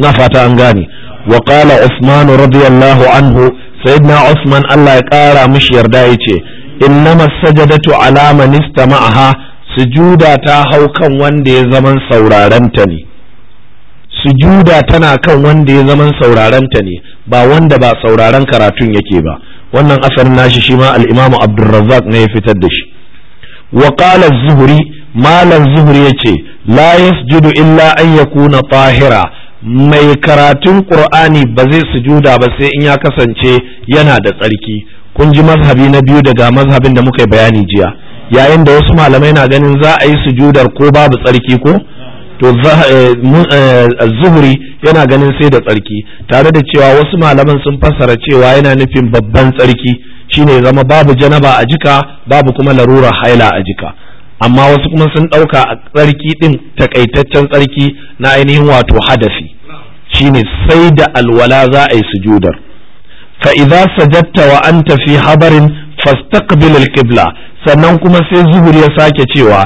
na fata an gane wa qala usman radiyallahu anhu sayyidina usman Allah ya kara mishi yarda yace innama sajadatu ala man istama'aha sujuda ta hau kan wanda ya zaman ne sujuda tana kan wanda ya zaman sauraron ta ne ba wanda ba sauraren karatun yake ba wannan asarin nashi shi ma al-imamu abdurrazzaq ne ya fitar da shi wa qala az-zuhri malam zuhri yace la yasjudu illa an yakuna tahira mai karatun qur'ani ba zai sujuda ba sai in ya kasance yana da tsarki kun ji mazhabi na biyu daga mazhabin da muka yi bayani jiya yayin da wasu malamai na ganin za a yi sujudar ko babu tsarki ko to eh, eh, zuhuri yana ganin sai da tsarki tare da cewa wasu malaman sun fassara cewa yana nufin babban tsarki shine zama babu janaba a jika babu kuma larura haila a jika amma wasu kuma sun ɗauka a tsarki ɗin takaitaccen tsarki na ainihin wato hadasi shine sai da alwala za a yi sujudar fa idza sajadta wa anta fi habarin fastaqbil al-qibla sannan kuma sai zuhur ya sake cewa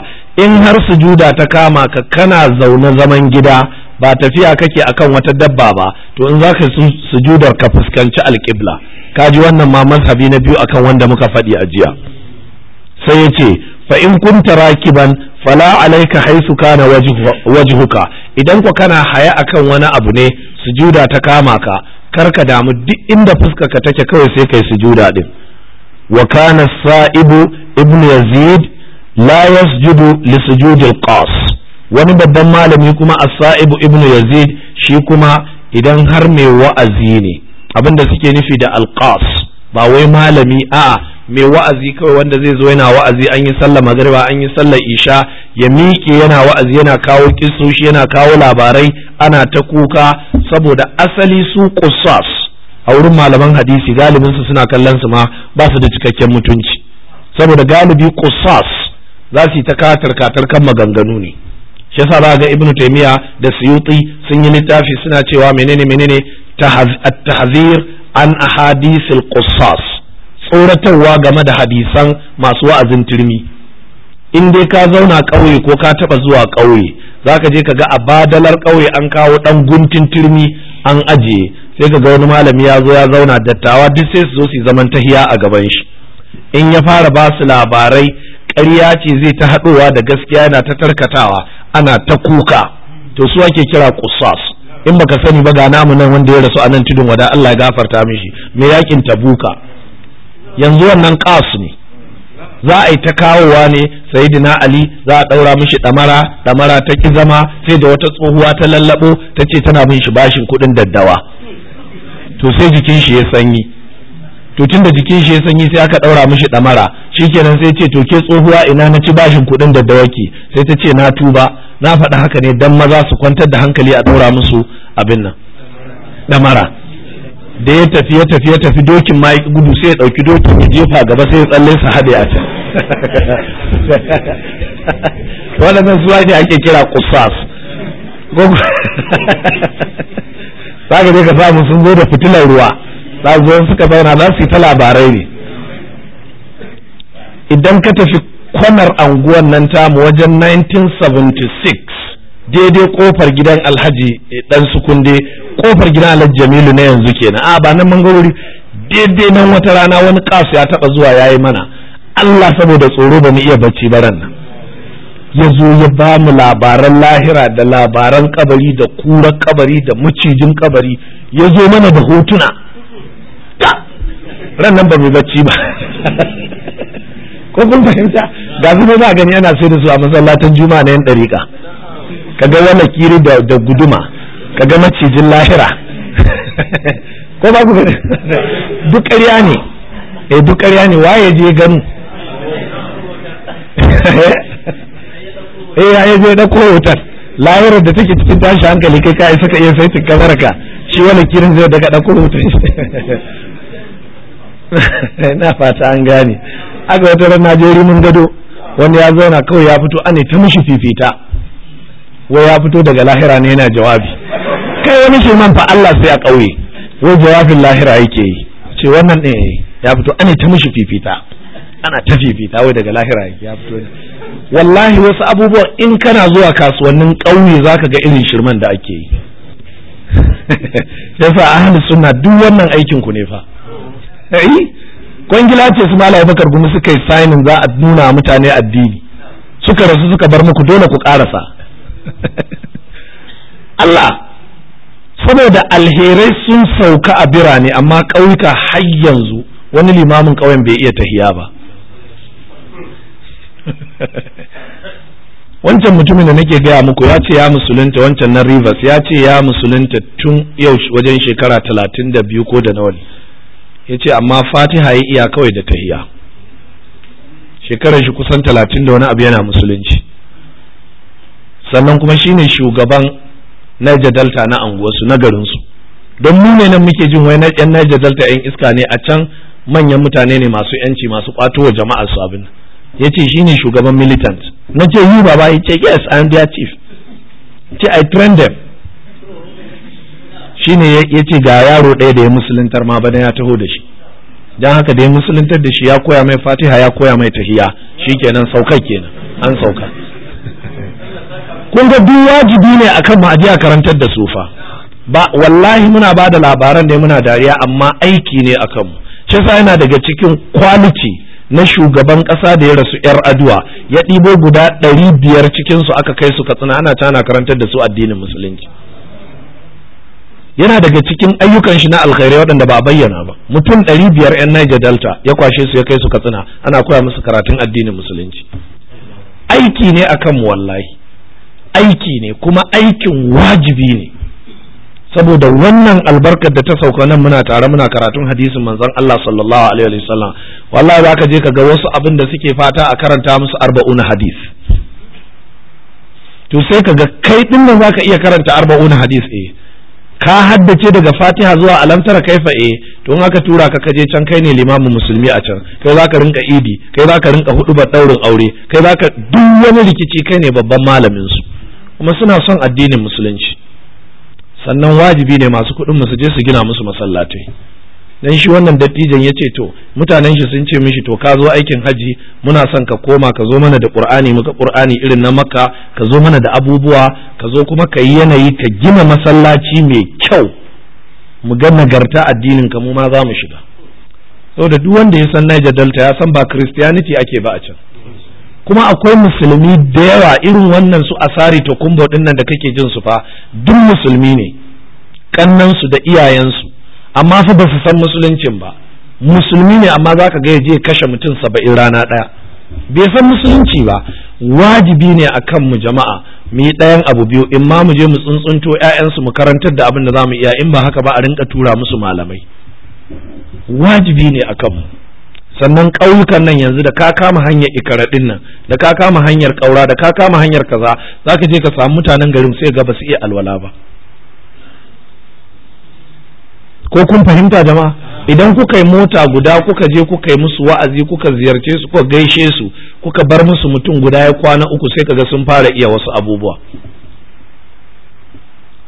in har sujuda ta kama ka kana zaune zaman gida ba tafiya kake akan wata dabba ba to in zaka sujudar ka fuskanci alƙibla kaji wannan ma mazhabi na biyu akan wanda muka faɗi a jiya sai ya ce fa in kunta rakiban fala alayka haythu kana wajhuka idan ku kana haya akan wani abu ne sujuda ta kama ka kar ka damu duk inda fuska ka take kawai sai kai sujuda din wa kana sa'ibu ibn yazid la yasjudu li sujudil qas wani babban malami kuma as-sa'ibu ibn yazid shi kuma idan har mai wa'azi ne abinda suke nufi da al-qas ba wai malami a'a mai wa'azi kawai wanda zai zo yana wa'azi an yi sallar magariba an yi sallar isha ya miƙe yana wa'azi yana kawo kisoshi yana kawo labarai ana ta kuka saboda asali su ƙusas a wurin malaman hadisi galibin su suna kallon su ma ba su da cikakken mutunci saboda galibi ƙusas za su yi ta katar katar kan maganganu ne shi yasa za ga ibnu taymiya da suyuti sun yi littafi suna cewa menene menene tahzir an ahadisil ƙusas. tsoratarwa game da hadisan masu wa'azin turmi in dai ka zauna ƙauye ko ka taɓa zuwa ƙauye za ka je ka ga a badalar ƙauye an kawo ɗan guntun turmi an ajiye sai ka ga wani malami ya zo ya zauna dattawa duk sai su zo su zaman tahiya a gaban shi in ya fara ba su labarai ƙarya ce zai ta haɗowa da gaskiya yana ta tarkatawa ana ta kuka to su ake kira kusas in baka sani ba ga namu nan wanda ya rasu a nan tudun wada Allah ya gafarta mishi me yakin tabuka yanzu wannan kas ne za a yi ta kawowa ne sayidina ali za a ɗaura mishi ɗamara ɗamara ta ki zama sai da wata tsohuwa ta lallabo ta ce tana min shi bashin kuɗin daddawa to sai jikin shi ya sanyi to tunda jikin shi ya sanyi sai aka ɗaura mishi ɗamara shi kenan sai ce to ke tsohuwa ina na ci bashin kuɗin daddawa ki sai ta ce na tuba na faɗa haka ne dan maza su kwantar da hankali a ɗaura musu abin nan ɗamara da ya tafi ya tafi ya tafi dokin ma gudu sai ya dauki dokin ya jefa gaba sai ya tsalle sa hade a can waɗannan zuwa ne ake kira kusas za ka je ka samu sun zo da fitilar ruwa za su zo suka zauna za su yi ta labarai ne idan ka tafi kwanar anguwan nan tamu wajen 1976 daidai kofar gidan alhaji eh, dan sukunde kofar gidan alhaji jamilu na yanzu kenan a ah, ba nan mangarori daidai nan wata rana wani kasu ya taba zuwa yayi mana Allah saboda tsoro ba mu iya bacci ba ran nan ya zo ya ba mu labaran lahira da labaran kabari da kura kabari da macijin kabari ya zo mana da hotuna ran nan ba mu bacci ba ko kun fahimta ga zuwa za gani ana sai da su a masallatan juma'a na yan dariƙa kaga wani kiri da da guduma kaga macijin lahira ko ba ku duk ƙarya ne eh duk ƙarya ne waye je gano eh ya je da wutar lahirar da take cikin tashi hankali kai kai saka iya sai tikka baraka shi wani kirin zai daga da wutar na fata an gane aka wata ran Najeriya mun gado wani ya zauna kawai ya fito ane ta mishi fifita wai ya fito daga lahira ne yana jawabi kai wani shirman fa Allah sai a ƙauye wai jawabin lahira yake yi ce wannan ne eh, ya fito ana ta mishi fifita ana ta fifita wai daga lahira yake ya fito ne wallahi wasu abubuwan in kana zuwa kasuwannin ƙauye zaka ga irin shirman da ake yi da fa ahli sunna duk wannan aikin ku ne fa eh, kwangila ce su malai bakar gumi suka yi sainin za a nuna mutane addini suka rasu suka bar muku dole ku karasa Allah saboda alherai sun sauka a birane amma ƙauyuka har yanzu wani limamin ƙauyen bai iya tahiya ba wancan mutumin da nake gaya muku ya ce ya musulunta wancan na rivers ya ce ya musulunta tun yau wajen shekara talatin da biyu ko da nawa ya ce amma fatiha ya iya kawai da tahiya shekarar shi kusan talatin da wani abu yana musulunci sannan kuma shine shugaban Niger Delta na anguwarsu na garinsu don mu nan muke jin wai yan Niger Delta yan iska ne a can manyan mutane ne masu yanci masu kwato wa jama'ar su abin yace shine shugaban militant na ce yi baba ce yes I am their chief ce I train them shine yace ga yaro ɗaya da ya musuluntar ma bana ya taho da shi don haka da ya musuluntar da shi ya koya mai fatiha ya koya mai tahiya shikenan saukar kenan an sauka kun ga duk wajibi ne akan mu aje a karantar da sufa ba wallahi muna ba da labaran ne muna dariya amma aiki ne akan mu shi yasa yana daga cikin quality na shugaban kasa da ya rasu yar aduwa ya ɗibo guda ɗari biyar cikin aka kai su katsina ana tana karantar da su addinin musulunci yana daga cikin ayyukan shi na alkhairai waɗanda ba bayyana ba mutum ɗari biyar yan Niger Delta ya kwashe su ya kai su katsina ana koya musu karatun addinin musulunci aiki ne akan mu wallahi aiki ne kuma aikin wajibi ne saboda wannan albarkar da ta sauka nan muna tare muna karatun hadisin manzon Allah sallallahu alaihi wa sallam wallahi za ka je ka ga wasu abin da suke fata a karanta musu arba'un hadis to sai ka ga kai din nan zaka iya karanta arba'un hadis eh ka haddace daga Fatiha zuwa alam tara kaifa eh to in aka tura ka kaje can kai ne limamin musulmi a can kai zaka rinka idi kai zaka rinka hudubar daurin aure kai zaka duk wani rikici kai ne babban malamin su kuma suna son addinin musulunci sannan wajibi ne masu kuɗin mu su je su gina musu masallatai dan shi wannan dattijan ya ce to mutanen shi sun ce mishi to ka zo aikin haji muna son ka koma ka zo mana da qur'ani muka qur'ani irin na makka ka zo mana da abubuwa ka zo kuma ka yi yanayi ka gina masallaci mai kyau mu ga nagarta addinin ka mu ma za mu shiga saboda duk wanda ya san Niger Delta ya san ba Christianity ake ba a can kuma akwai musulmi da yawa irin wannan su asari to kumbo din nan da kake jin su fa duk musulmi ne Ƙannansu da iyayensu amma fa ba su san musuluncin ba musulmi ne amma zaka ga je kashe mutum saba'in rana ɗaya bai san musulunci ba wajibi ne akan mu jama'a mu yi ɗayan abu biyu in ma mu je mu tsuntsunto ƴaƴansu mu karantar da abin da za mu iya in ba haka ba a rinka tura musu malamai wajibi ne akan mu sannan ƙauyukan nan yanzu da ka kama hanyar ikaraɗin nan da ka kama hanyar ƙaura da ka kama hanyar kaza za ka je ka samu mutanen garin sai ga ba su iya alwala ba ko kun fahimta jama'a idan kuka yi mota guda kuka je kuka yi musu wa'azi kuka ziyarce su kuka gaishe su kuka bar musu mutum guda ya kwana uku sai kaga sun fara iya wasu abubuwa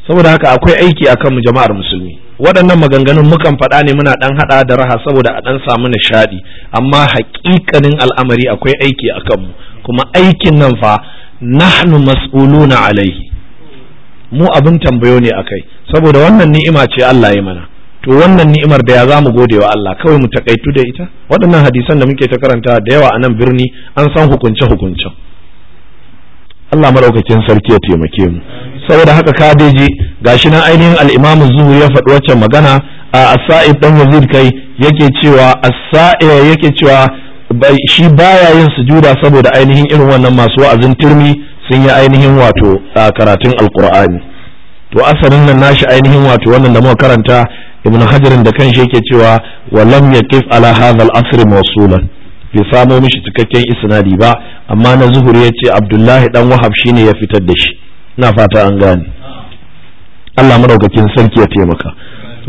saboda haka akwai aiki akan mu jama'ar musulmi waɗannan maganganun mukan faɗa ne muna ɗan haɗa da raha saboda a ɗan samu nishaɗi amma haƙiƙanin al'amari akwai aiki a kanmu kuma aikin nan fa nahnu mas'uluna alaihi mu abin tambayo ne akai saboda wannan ni'ima ce Allah ya mana to wannan ni'imar da ya za mu gode wa Allah kawai mu takaitu da ita waɗannan hadisan da muke ta karanta da yawa a nan birni an san hukunce hukuncen Allah maraukakin sarki ya taimake mu saboda haka kadeji gashi nan ainihin al-Imam Zuhri ya faɗi waccan magana a Sa'id dan Yazid kai yake cewa as-sa'i yake cewa shi baya yin sujuda saboda ainihin irin wannan masu wa'azin turmi sun yi ainihin wato karatun al alkur'ani to asarin nan nashi ainihin wato wannan da muka karanta ibn hajarin da kan kanshi yake cewa wa lam yaqif ala hadha al-asr mawsulan bai samo mishi cikakken isnadi ba amma na zuhuri ya ce abdullahi dan wahab shine ya fitar da shi na fata an gane Allah madaukakin sarki ya taimaka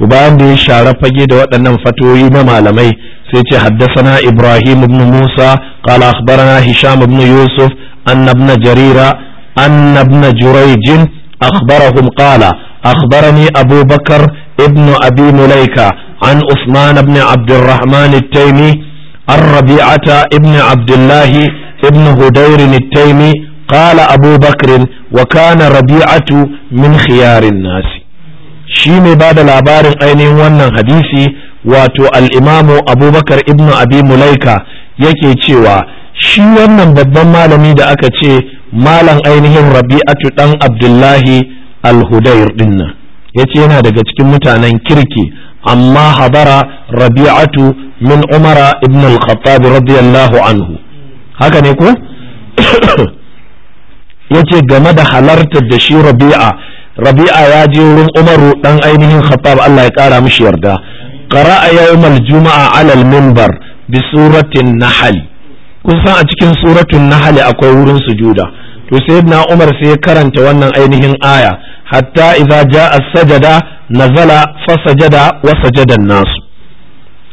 bayan da ya share fage da waɗannan fatoyi na malamai sai ce haddasana ibrahim ibn musa qala akhbarana hisham ibn yusuf anna ibn jarira anna ibn jurayj akhbarahum qala akhbarani abu ibn abi mulaika an usman ibn abd الرحمن التيمي الربيعة ابن عبد الله ابن هدير التيمي قال أبو بكر وكان ربيعة من خيار الناس شيني بعد العبارة أين وانا حديثي واتو الإمام أبو بكر ابن أبي مليكة yake cewa shi wannan babban malami da aka ce malam ainihin rabi'atu dan abdullahi al-hudayr dinnan yace yana daga cikin mutanen kirki amma habara rabi'atu min umara ibn al-khattab radiyallahu anhu haka ne ko yace game da halartar da shi rabi'a rabi'a ya je wurin umaru dan ainihin khattab Allah ya kara mishi yarda qara'a yawmal juma'a 'ala al-minbar bi suratin nahl kun san a cikin suratul nahl akwai wurin sujuda to sayyidina umar sai ya karanta wannan ainihin aya hatta idza ja'a sajada nazala fasajada wa sajadan nasu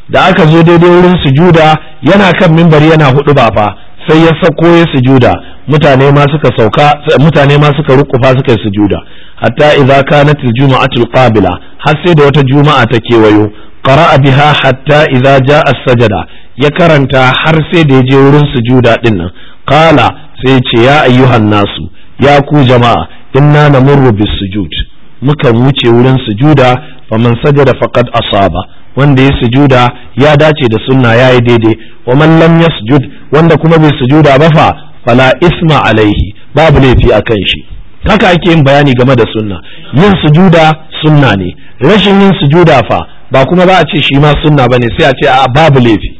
da aka zo daidai wurin sujuda yana kan mimbari yana hudu ba fa sai ya sako ya sujuda mutane ma suka sauka mutane ma suka rukufa suka yi sujuda hatta idza kanat aljuma'atu qabila har sai da wata juma'a ta kewayo qara'a biha hatta idza ja'a sajada ya karanta har sai da ya je wurin sujuda din nan qala sai ya ce ya ayyuhan nasu ya ku jama'a inna namurru bis sujud Mukan wuce wurin sujuda man sajada faqad asaba wanda ya sujuda ya dace da sunna yayi daidai wa man lam yasjud wanda kuma bai sujuda ba fa fala isma alaihi babu laifi a kan shi haka ake yin bayani game da sunna yin sujuda sunna ne rashin yin sujuda fa ba kuma ba a ce shi ma sunna bane sai a ce a babu laifi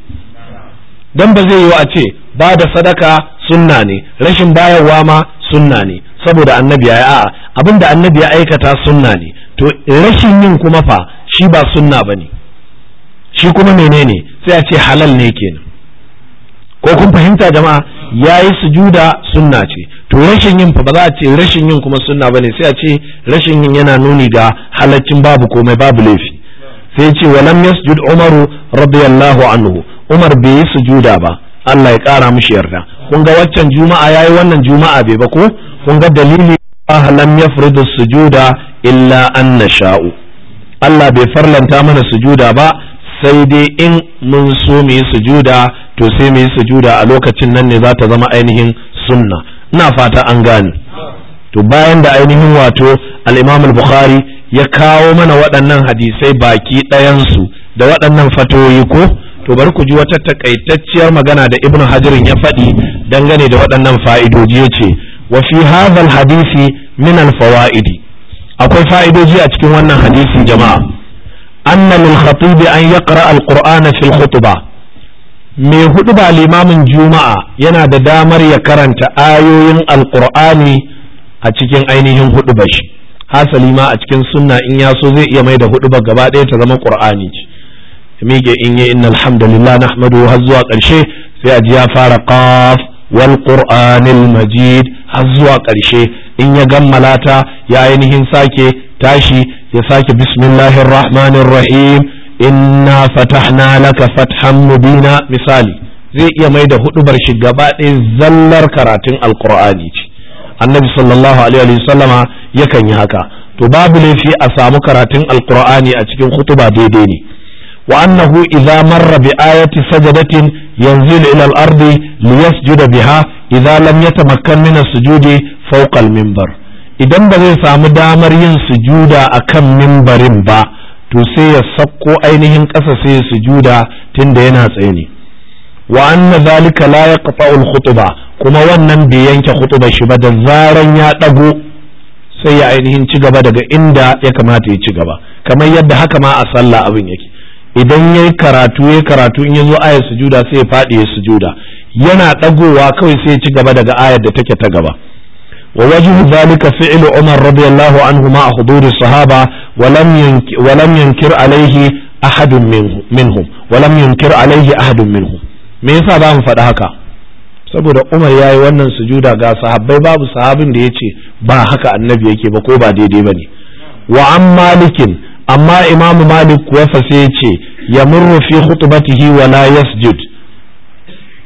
dan ba zai yiwu a ce ba da sadaka sunna ne rashin bayarwa ma sunna ne saboda annabi ya a'a abin da annabi ya aikata sunna ne to rashin yin kuma fa shi ba sunna ba ne shi kuma menene sai a ce halal ne kenan ko kun fahimta jama'a ya yi sujuda sunna ce to rashin yin fa ba za a ce rashin yin kuma sunna ba ne sai a ce rashin yin yana nuni ga halaccin babu komai babu laifi sai ce walam yasjud umaru radiyallahu anhu umar bai yi sujuda ba Allah ya ƙara mushi yarda kun ga waccan juma'a yayi wannan juma'a bai ba ko kun ga dalili Allah lam yafridu sujuda illa an nasha'u Allah bai farlanta mana sujuda ba sai dai in mun so mu yi sujuda to sai mu yi sujuda a lokacin nan ne za ta zama ainihin sunna ina fata an gane to bayan da ainihin wato al-Imam al-Bukhari ya kawo mana waɗannan hadisai baki ɗayan su da waɗannan fatoyi ko to bari ku ji wata takaitacciyar magana da ibn hajarin ya faɗi dangane da waɗannan fa'idoji ya ce wa fi hadhal hadisi min al fawaidi akwai fa'idoji a cikin wannan hadisi jama'a anna lil khatib an yaqra al qur'ana fil khutba Me hudu ba limamin juma'a yana da damar ya karanta ayoyin al qur'ani a cikin ainihin hudu shi hasali ma a cikin sunna in ya so zai iya mai da hudu gaba ɗaya ta zama qur'ani ce miƙe in yi inna alhamdulillah nahmadu har zuwa ƙarshe sai a ji ya fara qaf wal qur'anil majid har zuwa ƙarshe in ya gammala ta ya ainihin sake tashi ya sake bismillahir rahmanir rahim inna fatahna laka fathan mubina misali zai iya mai da huɗubar shi gaba ɗaya zallar karatun alqur'ani ce annabi sallallahu alaihi wasallama yakan yi haka to babu laifi a samu karatun alqur'ani a cikin hutuba daidai ne wa annahu idza marra bi ayati sajadatin Yanzu ila al-ardi liyasjuda biha idza lam yatamakkan min sujudi fawqa al idan ba zai samu damar yin sujuda a kan mimbarin ba to sai ya sakko ainihin ƙasa sai ya sujuda tunda yana tsaye ne wa anna zalika la yaqta'u al-khutba kuma wannan bai yanke khutba shi ba da zaran ya dago sai ya ainihin ci gaba daga inda ya kamata ya ci gaba kamar yadda haka ma a sallah abin yake idan yayi karatu ya karatu in ya zo ayar sujuda sai ya faɗi ya sujuda yana ɗagowa kawai sai ya ci gaba daga ayar da take ta gaba Wa wajihu zalika عمر umar radiyallahu anhu ma حضور sahaba ولم ينكر, ولم ينكر عليه أحد منه me yasa ba mu faɗi haka saboda Umar yayi wannan sujuda ga sahabbai babu sahabin da ya ce ba haka annabi yake ba ko ba daidai ba ne wa an malikin amma imamu malik kuwa sai ya ce ya murru fi khutbatihi wa la yasjud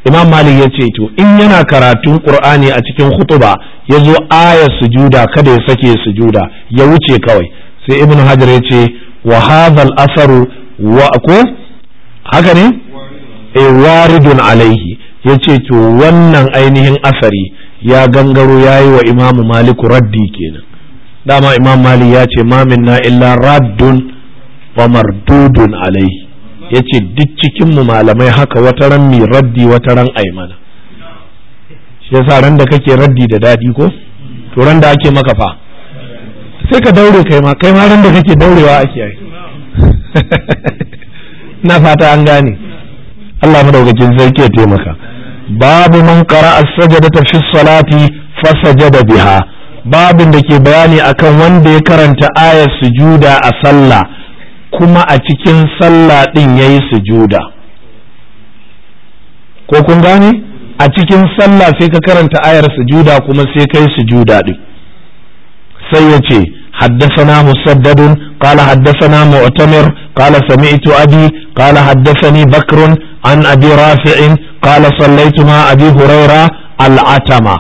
imam malik ya ce to in yana karatun qur'ani a cikin khutba ya zo aya sujuda kada ya sake sujuda ya wuce kawai sai ibnu hajar ya ce wa hadha al-asaru wa ko haka ne e waridun alaihi ya ce to wannan ainihin asari ya gangaro ya yi wa imamu maliku raddi kenan dama imam mali ya ce ma na illa raddun wa mardudun alai ya ce duk cikinmu malamai haka wata ran mi raddi wata ran aimana shi yasa ran da kake raddi da daɗi ko to ran da ake maka fa sai ka daure kai ma kai ma ran da kake daurewa ake yi na fata an gane Allah madaukakin zai ke taimaka babu man qara'a as-sajdata fi salati fa sajada biha babin da ke bayani akan wanda ya karanta ayar sujuda a sallah kuma a cikin sallah din yayi sujuda ko kun gane a cikin sallah sai ka karanta ayar sujuda kuma sai kai sujuda din sai ya ce حدثنا مسدد قال حدثنا مؤتمر قال سمعت أبي قال حدثني بكر عن أبي رافع قال صليت مع أبي هريرة العتمة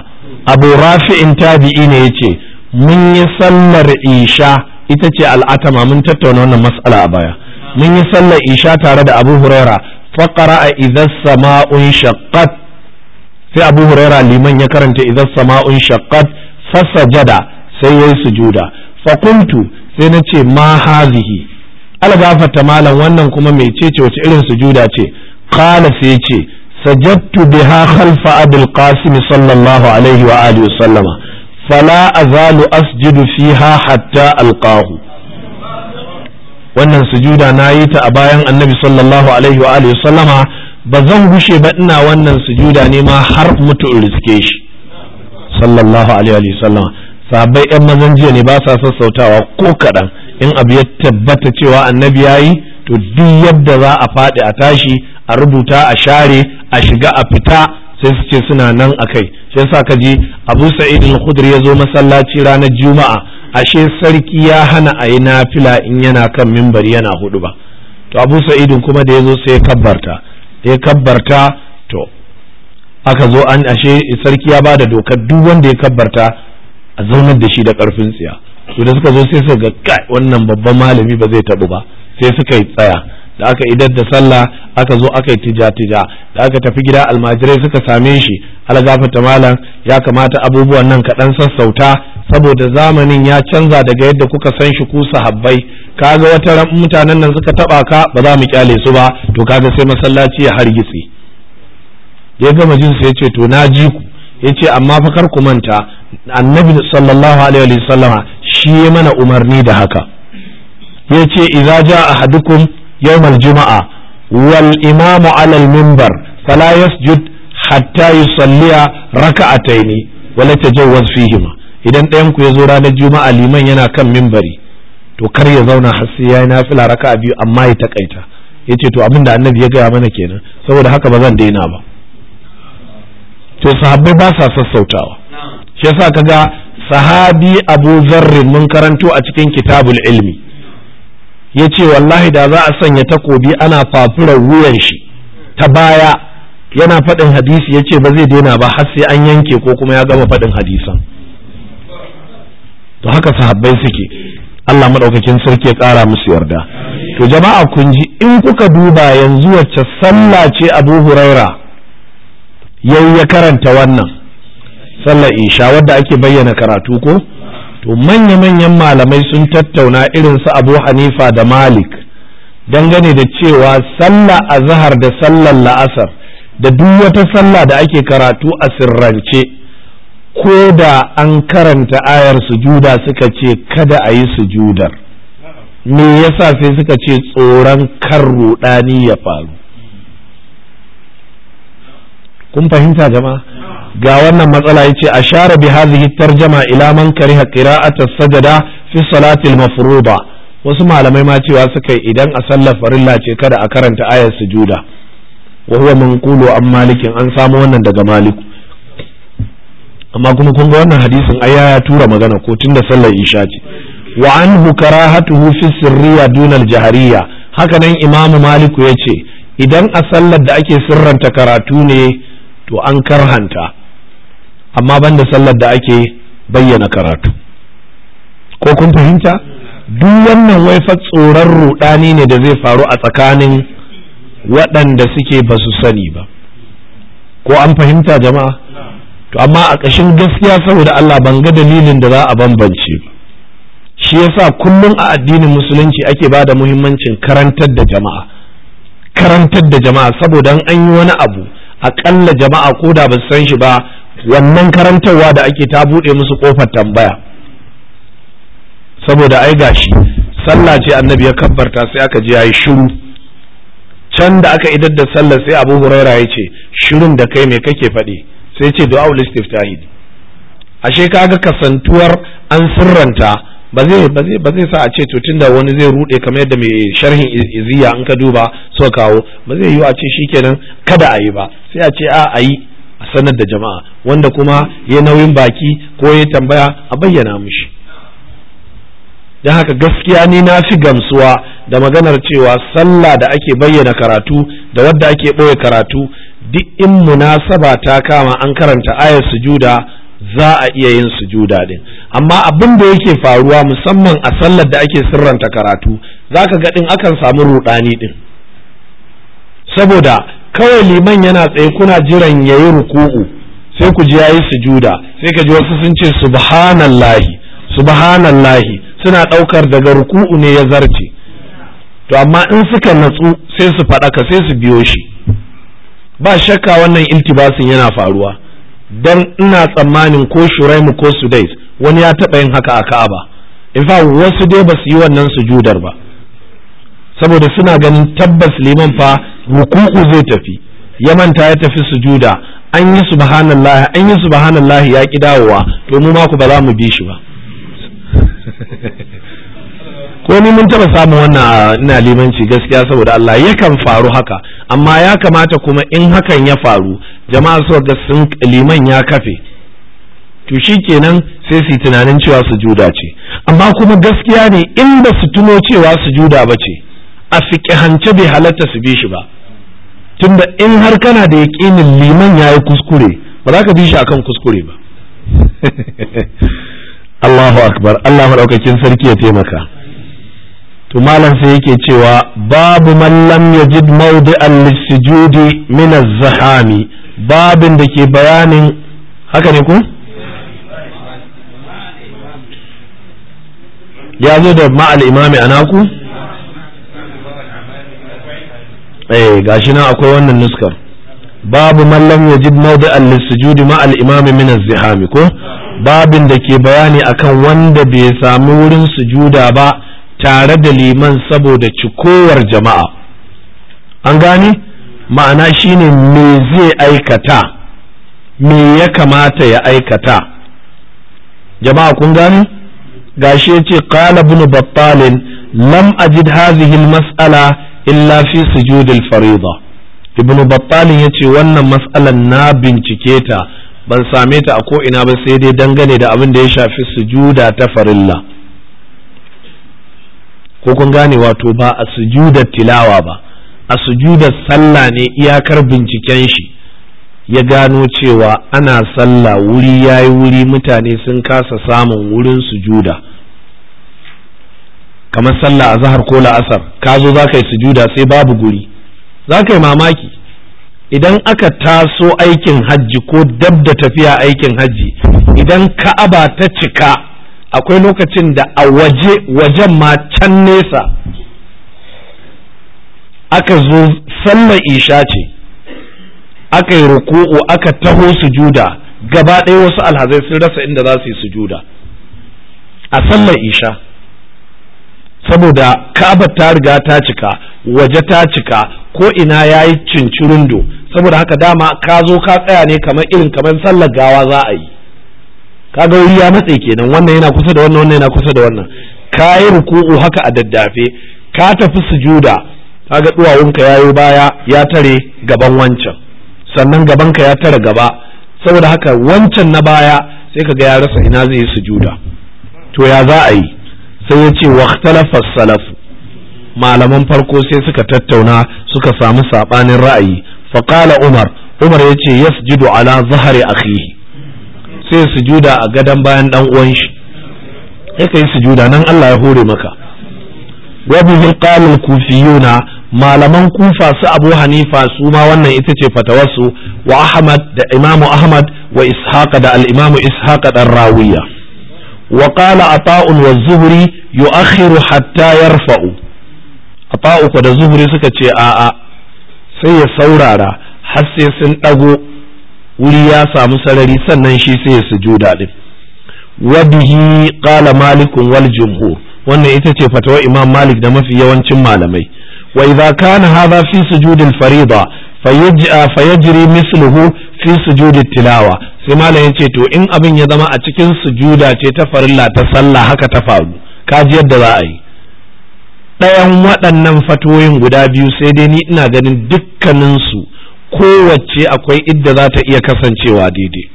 abu rafi'in tabi'i ne ya ce mun yi sallar isha ita ce al'atama mun tattauna wannan matsala a baya mun yi sallar isha tare da abu huraira faƙara a idan sama'un shaqqat sai abu huraira liman ya karanta idan sama'un shaqqat jada sai yayi sujuda fakuntu sai na ce ma hazihi algafata malam wannan kuma ce wace irin sujuda ce qala ce sajattu biha khalfa abil qasim sallallahu alaihi wa alihi wa sallama fala azalu asjudu fiha hatta alqahu wannan sujuda na yi ta a bayan annabi sallallahu alaihi wa alihi sallama ba zan gushe ba ina wannan sujuda ne ma har mutu in riske shi sallallahu alaihi wa sallama sabai yan mazan jiya ne ba sa sassautawa ko kaɗan in abu ya tabbata cewa annabi ya yi to duk yadda za a faɗi a tashi a rubuta a share a shiga a fita sai su ce suna nan a kai sai sa ka ji abu sa'id al-khudri ya zo masallaci ranar juma'a ashe sarki ya hana a yi nafila in yana kan mimbari yana hudu ba to abu sa'id kuma da ya zo sai ya kabbarta ya kabbarta to aka zo an ashe sarki ya bada dokar duk wanda ya kabbarta a zaunar da shi da karfin tsiya to da suka zo sai suka ga kai wannan babban malami ba zai tabu ba sai suka yi tsaya da aka idar da sallah aka zo aka yi tija-tija da aka tafi gida almajirai suka same shi algafata malam ya kamata abubuwan nan kaɗan sassauta saboda zamanin ya canza daga yadda kuka san shi ku sahabbai kaga wata ran mutanen nan suka taba ka ba za mu kyale su ba to kaga sai masallaci ya hargitsi ya gama jin sai ce to na ji ku yace amma fa kar ku manta annabi sallallahu alaihi wasallama shi ya mana umarni da haka yace idza ja ahadukum Yau Maljuma'a wal imamu alal mimbar fala yasjud hatta yusalliya raka'ataini wala tajawwaz fihima idan ɗayan ku zo ranar juma'a liman yana kan mimbari to kar ya zauna har sai yayi nafila raka'a biyu amma ya takaita yace to abinda annabi ya gaya mana kenan saboda haka ba zan daina ba to sahabbai ba sa sassautawa shi yasa kaga sahabi Abu Zarr mun karanto a cikin kitabul ilmi ya ce wallahi da za a sanya takobi ana fafurar wuyan shi ta baya yana faɗin hadisi ya ce ba zai daina ba har sai an yanke ko kuma ya gama faɗin hadisan to haka sahabbai suke Allah maɗaukakin sarki ya ƙara musu yarda to jama'a kun ji in kuka duba yanzu wacce sallah ce abu huraira yayi ya karanta wannan sallar isha wadda ake bayyana karatu ko to manya-manyan malamai sun tattauna irin su abu hanifa da malik dangane da cewa sallah azhar da sallar la'asar da duk wata sallah da ake karatu a sirrance ko da an karanta ayar sujuda suka ce kada a yi sujudar me yasa sai suka ce tsoron kan ruɗani ya faru kun fahimta jama'a ga wannan matsala yace ashara bi hadhihi tarjama ila man kariha qira'ata sajada fi salati al-mafruḍa wasu malamai ma cewa suka idan a sallar farilla ce kada a karanta ayar sujuda wa huwa manqulu an malikin an samu wannan daga maliku amma kuma kun ga wannan hadisin ai ya tura magana ko tunda sallar isha ce wa anhu karahatuhu fi sirriya duna al-jahriya haka nan imamu maliku yace idan a sallar da ake sirranta karatu ne to an karhanta amma banda sallar da ake bayyana karatu ko kun fahimta duk wannan waifar tsoron rudani ne da zai faru a tsakanin waɗanda suke ba su sani ba ko an fahimta jama'a to amma a ƙashin gaskiya saboda Allah ban ga dalilin da za a bambance ba shi yasa kullum a addinin musulunci ake ba da muhimmancin karantar da jama'a karantar da jama'a saboda an yi wani abu akalla jama'a ko da ba san shi ba wannan karantarwa da ake ta buɗe musu kofar tambaya saboda ai gashi sallah ce annabi ya kabbarta sai aka ji yayi shiru can da aka idar da sallah sai abu huraira ya ce shirin da kai me kake faɗi sai ce du'a istiftahi ashe kaga kasantuwar an sirranta ba zai sa a ce to tunda wani zai rude kamar yadda mai sharhin iziya in ka duba so kawo ba zai yi a ce shi shikenan kada a yi ba sai a ce a a yi a sanar da jama'a wanda kuma ya nauyin baki ko ya tambaya a bayyana mushi don haka gaskiya ne na fi gamsuwa da maganar cewa sallah da ake bayyana karatu da wadda ake ɓoye karatu duk in munasaba ta kama an karanta ayar sujuda za a iya yin sujuda din amma abin da yake faruwa musamman a sallar da ake sirranta karatu zaka ga din akan samu rudani din saboda kawai liman yana tsaye kuna jiran yayi ruku'u sai ku ji yayi sujuda sai ka ji wasu sun ce subhanallahi subhanallahi suna ɗaukar daga ruku'u ne ya zarce to amma in suka natsu sai su faɗaka sai su biyo shi ba shakka wannan iltibasin yana faruwa dan ina tsammanin ko shuraimu ko sudais wani ya taɓa yin haka a ka'aba in fa wasu dai ba su yi wannan sujudar ba saboda suna ganin tabbas liman fa ruku'u zai tafi ya manta ya tafi sujuda an yi subhanallahi an yi subhanallahi ya ki dawowa to mu ma ku ba za mu bi shi ba ko ni mun taba samu wannan ina limanci gaskiya saboda Allah yakan faru haka amma ya kamata kuma in hakan ya faru jama'a suka ga sun liman ya kafe to shi kenan sai su tunanin cewa sujuda ce amma kuma gaskiya ne in ba su tuno cewa sujuda ba ce a fiƙihance bai halatta su bi shi ba tunda in har kana da yaƙinin liman ya yi kuskure ba za ka bi shi a kan kuskure ba Allahu akbar Allah maɗaukakin sarki ya taimaka to malam sai yake cewa babu man lam yajid mawdi'an lisujudi min az-zahami babin da ke bayanin haka ne ku ya zo da ma'al imami anaku eh gashi nan akwai wannan nuskar babu man lam yajid mawdi'an lisujudi ma'al imami min az-zahami ko babin da ke bayani akan wanda bai sami wurin sujuda ba tare da liman saboda cikowar jama'a an gane ma'ana shine me zai aikata me ya kamata ya aikata jama'a kun gani gashi yace qala ibn battalin lam ajid hadhihi masala illa fi sujud al ibn battalin yace wannan mas'alan na bincike ta ban same ta a ko ina ba sai dai dangane da abin da ya shafi sujuda ta farilla ko kun gane wato ba a sujudar tilawa ba a sujudar sallah ne iyakar binciken shi ya gano cewa ana sallah wuri yayi wuri mutane sun kasa samun wurin sujuda kamar sallah a zahar ko la'asar ka zo za ka yi sujuda sai babu guri za ka yi mamaki idan aka taso aikin hajji ko dab da tafiya aikin hajji idan ka'aba ta cika akwai lokacin da a waje wajen ma can nesa aka zo sallar isha ce aka yi ruku'u aka taho sujuda gaba ɗaya wasu alhazai sun rasa inda za su yi sujuda a sallar isha saboda ka'abar ta riga ta cika waje ta cika ko ina ya yi cincirindo saboda haka dama ka zo ka tsaya ne kamar irin kamar sallar gawa za a yi kaga wuri ya matse kenan wannan yana kusa da wannan wannan yana kusa da wannan ka yi ruku'u haka a daddafe ka tafi sujuda kaga duwawunka ya yi baya ya tare gaban wancan sannan gabanka ya tare gaba saboda haka wancan na baya sai ka ga ya rasa ina zai yi sujuda to ya za a yi sai ya ce waqtalafa salaf malaman farko sai suka tattauna suka samu sabanin ra'ayi faqala umar umar ya ce yasjudu ala zahari akhihi sai sujuda a gadon bayan dan uwan shi sai kai sujuda nan Allah ya hore maka wa bihi qala kufiyuna malaman kufa su abu hanifa su ma wannan ita ce fatawarsu wa ahmad da imamu ahmad wa ishaq da al-imamu ishaq dan rawiya wa qala ata'un wa zuhri yu'akhiru hatta yarfa'u ata'u da zuhri suka ce a'a sai ya saurara har sai sun dago wuri ya samu sarari sannan shi sai ya sujuda din wadihi qala malikun wal jumhur wannan ita ce fatawar imam malik da mafi yawancin malamai wa idza kana hadha fi sujudil farida fayajri misluhu fi sujudit tilawa sai malam yace to in abin ya zama a cikin sujuda ce ta farilla ta sallah haka ta faru Ka ji yadda za a yi ɗayan waɗannan fatoyin guda biyu sai dai ni ina ganin dukkaninsu kowace akwai idda za ta iya kasancewa daidai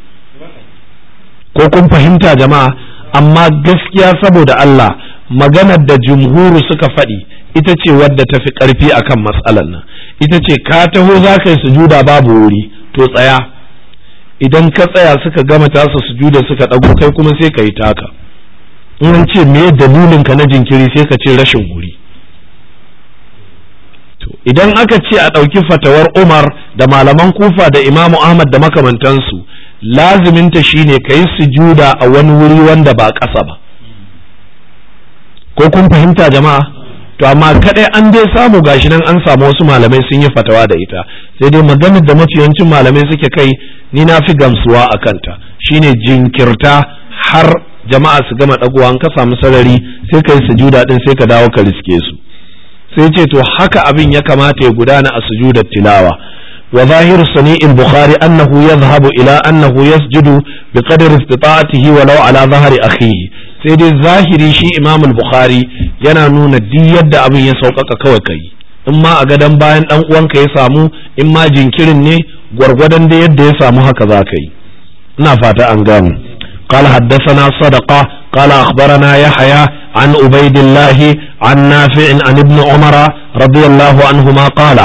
ko kun fahimta jama'a amma gaskiya saboda Allah maganar da jumhuru suka faɗi ita ce wadda ta fi ƙarfi akan matsalar nan ita ce ka taho za ka yi sujuda babu wuri to tsaya idan ka tsaya suka gama tasa sujuda suka ɗago kai kuma sai ka yi taka in an ce me dalilin ka na jinkiri sai ka ce rashin wuri idan aka ce a ɗauki fatawar umar da malaman kufa da imamu ahmad da makamantansu laziminta shine ka yi sujuda a wani wuri wanda ba ƙasa ba ko kun fahimta jama'a to amma kaɗai an dai samu gashi nan an samu wasu malamai sun yi fatawa da ita sai dai maganar da mafiyancin malamai suke kai ni na fi gamsuwa a kanta shine jinkirta har jama'a su gama ɗaguwa an ka samu sarari sai ka yi sujuda ɗin sai ka dawo ka riske su sai ce to haka abin ya kamata ya gudana a sujudar tilawa wa zahiru sani'il bukhari annahu yadhhabu ila annahu yasjudu bi qadri istita'atihi walau ala zahri akhihi sai dai zahiri shi imam bukhari yana nuna duk yadda abin ya sauƙaƙa kawai kai in ma a gadon bayan dan uwanka ya samu in ma jinkirin ne gwargwadon da yadda ya samu haka za ka yi ina fata an gane قال حدثنا صدقة قال أخبرنا يحيى عن عبيد الله عن نافع عن ابن عمر رضي الله عنهما قال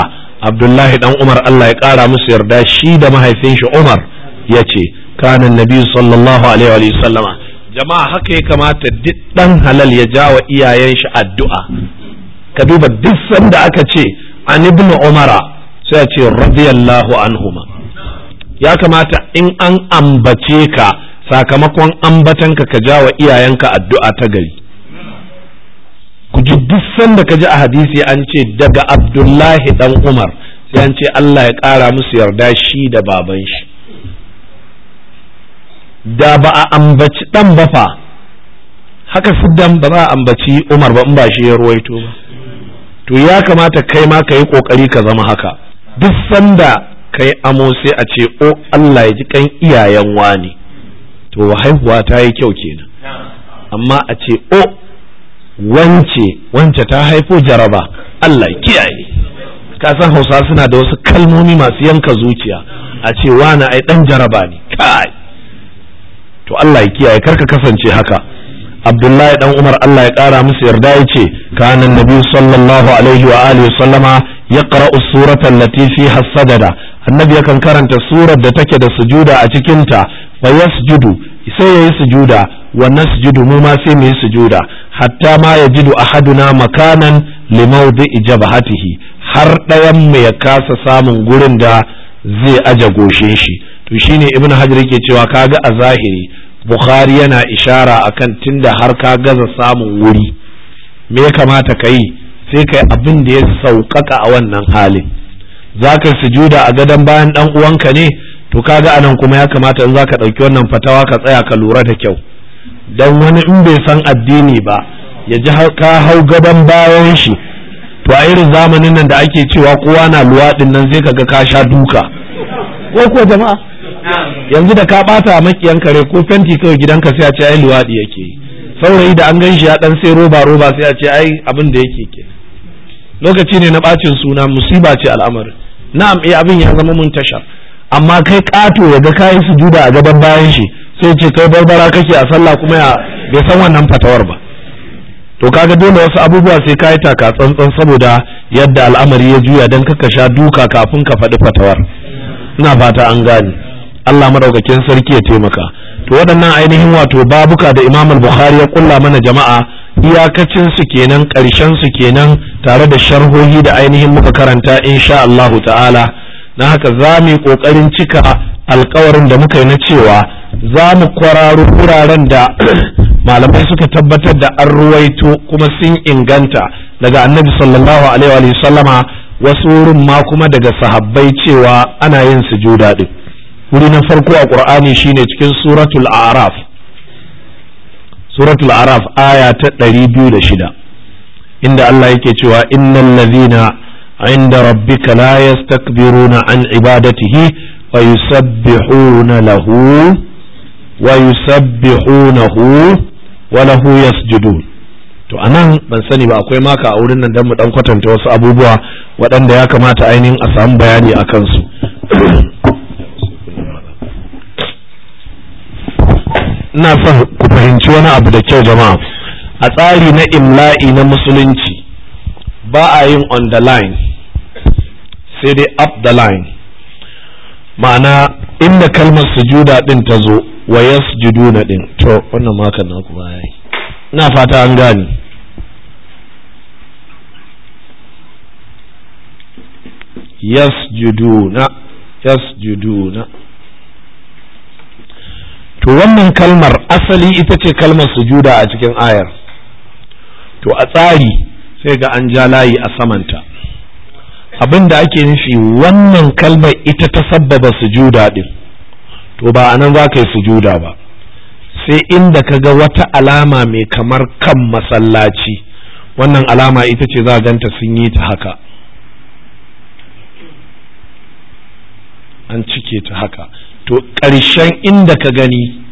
عبد الله بن عمر الله يقال مسير دا mahaifinshi Umar مهيفينش عمر يتي كان النبي صلى الله عليه وسلم jama'a haka ya kamata duk ɗan halal ya ja wa iyayen shi addu'a ka duba duk sanda aka ce an ibnu umara sai a anhuma ya kamata in an ambace ka sakamakon ambatanka ka ja wa iyayenka addu'a ta gari ku ji duk sanda ka ji a hadisi an ce daga abdullahi dan umar sai an ce allah ya ƙara musu yarda shi da baban shi da ba a ambaci dan ba fa haka siddan ba za a ambaci umar ba in ba shi ya ruwaito ba to ya kamata kai ma ka yi ƙoƙari ka zama haka duk sanda kai amo sai a ce o allah ya ji kan iyayen wani to haihuwa ta yi kyau kenan amma a ce o wance wance ta haifo jaraba Allah kiyaye ka san hausa suna da wasu kalmomi masu yanka zuciya a ce wani ai dan jaraba ne kai to Allah ya kiyaye karka kasance haka Abdullahi dan Umar Allah ya kara musu yarda yace kana annabi sallallahu alaihi wa alihi sallama yaqra'u surata allati fiha sajada annabi yakan karanta surar da take da sujuda a cikin ta fa yasjudu sai yayi sujuda wa nasjudu mu ma sai mu yi sujuda hatta ma ya yajidu ahaduna makanan limawdi'i jabhatihi har ɗayan mu ya kasa samun gurin da zai aje goshin shi to shine ibnu hajar yake cewa kaga a zahiri bukhari yana ishara akan tunda har ka gaza samun wuri me ya kamata ka yi sai kai abin da ya sauƙaƙa a wannan halin za ka sujuda a gadon bayan ɗan uwanka ne to kaga anan kuma ya kamata in za ka ɗauki wannan fatawa ka tsaya ka lura da kyau dan wani in bai san addini ba ya ji ka hau gaban bayan shi to a irin zamanin nan da ake cewa kowa na luwaɗin nan zai kaga ka sha duka ko ko jama'a yanzu da ka bata makiyan kare ko fenti kawai gidanka sai a ce ai luwaɗi yake saurayi da an gan shi ya dan sai roba roba sai a ce ai abin da yake ke lokaci ne na bacin suna musiba ce al'amarin na'am eh abin ya zama mun tasha. amma kai kato ya ga kayan sujuda a gaban bayan shi sai ce kai barbara kake a sallah kuma ya bai san wannan fatawar ba to kaga dole wasu abubuwa sai ka yi taka tsantsan saboda yadda al'amari ya juya don kaka sha duka kafin ka faɗi fatawar ina fata an gane Allah madaukakin sarki ya taimaka to waɗannan ainihin wato babuka da Imam Buhari bukhari ya kulla mana jama'a iyakacin su kenan ƙarshen su kenan tare da sharhohi da ainihin muka karanta insha allahu ta'ala na haka za mu yi ƙoƙarin cika alƙawarin da muka yi na cewa za mu kwararo wuraren da malamai suka tabbatar da an ruwaito kuma sun inganta daga annabi sallallahu alaihi wa sallama wasu wurin ma kuma daga sahabbai cewa ana yin sujuda din wuri na farko a ƙur'ani shine cikin suratul a'raf suratul a'raf aya ta shida, inda Allah yake cewa innal ladhina inda rabbika la yastakbiruna an ibadatihi wa yusabbihuna lahu ويسبحونه وله يسجدون to anan ban sani ba akwai maka a wurin nan dan mu dan kwatanta wasu abubuwa waɗanda ya kamata ainihin a samu bayani a kansu ina son ku fahimci wani abu da kyau jama'a a tsari na imla'i na musulunci ba a yin on the line sai dai up the line ma'ana inda kalmar sujuda din ta zo wa na din to wannan makan naku baya ina fata an gane yasjuduna yasjuduna to wannan kalmar asali ita ce kalmar sujuda a cikin ayar to a tsari sai ga an ja layi a samanta abinda ake nufi wannan kalmar ita ta sabbaba sujuda din to ba nan za ka yi sujuda ba sai inda ka ga wata alama mai kamar kan masallaci wannan alama ita ce za ganta sun yi ta haka an cike ta haka to ƙarshen inda ka gani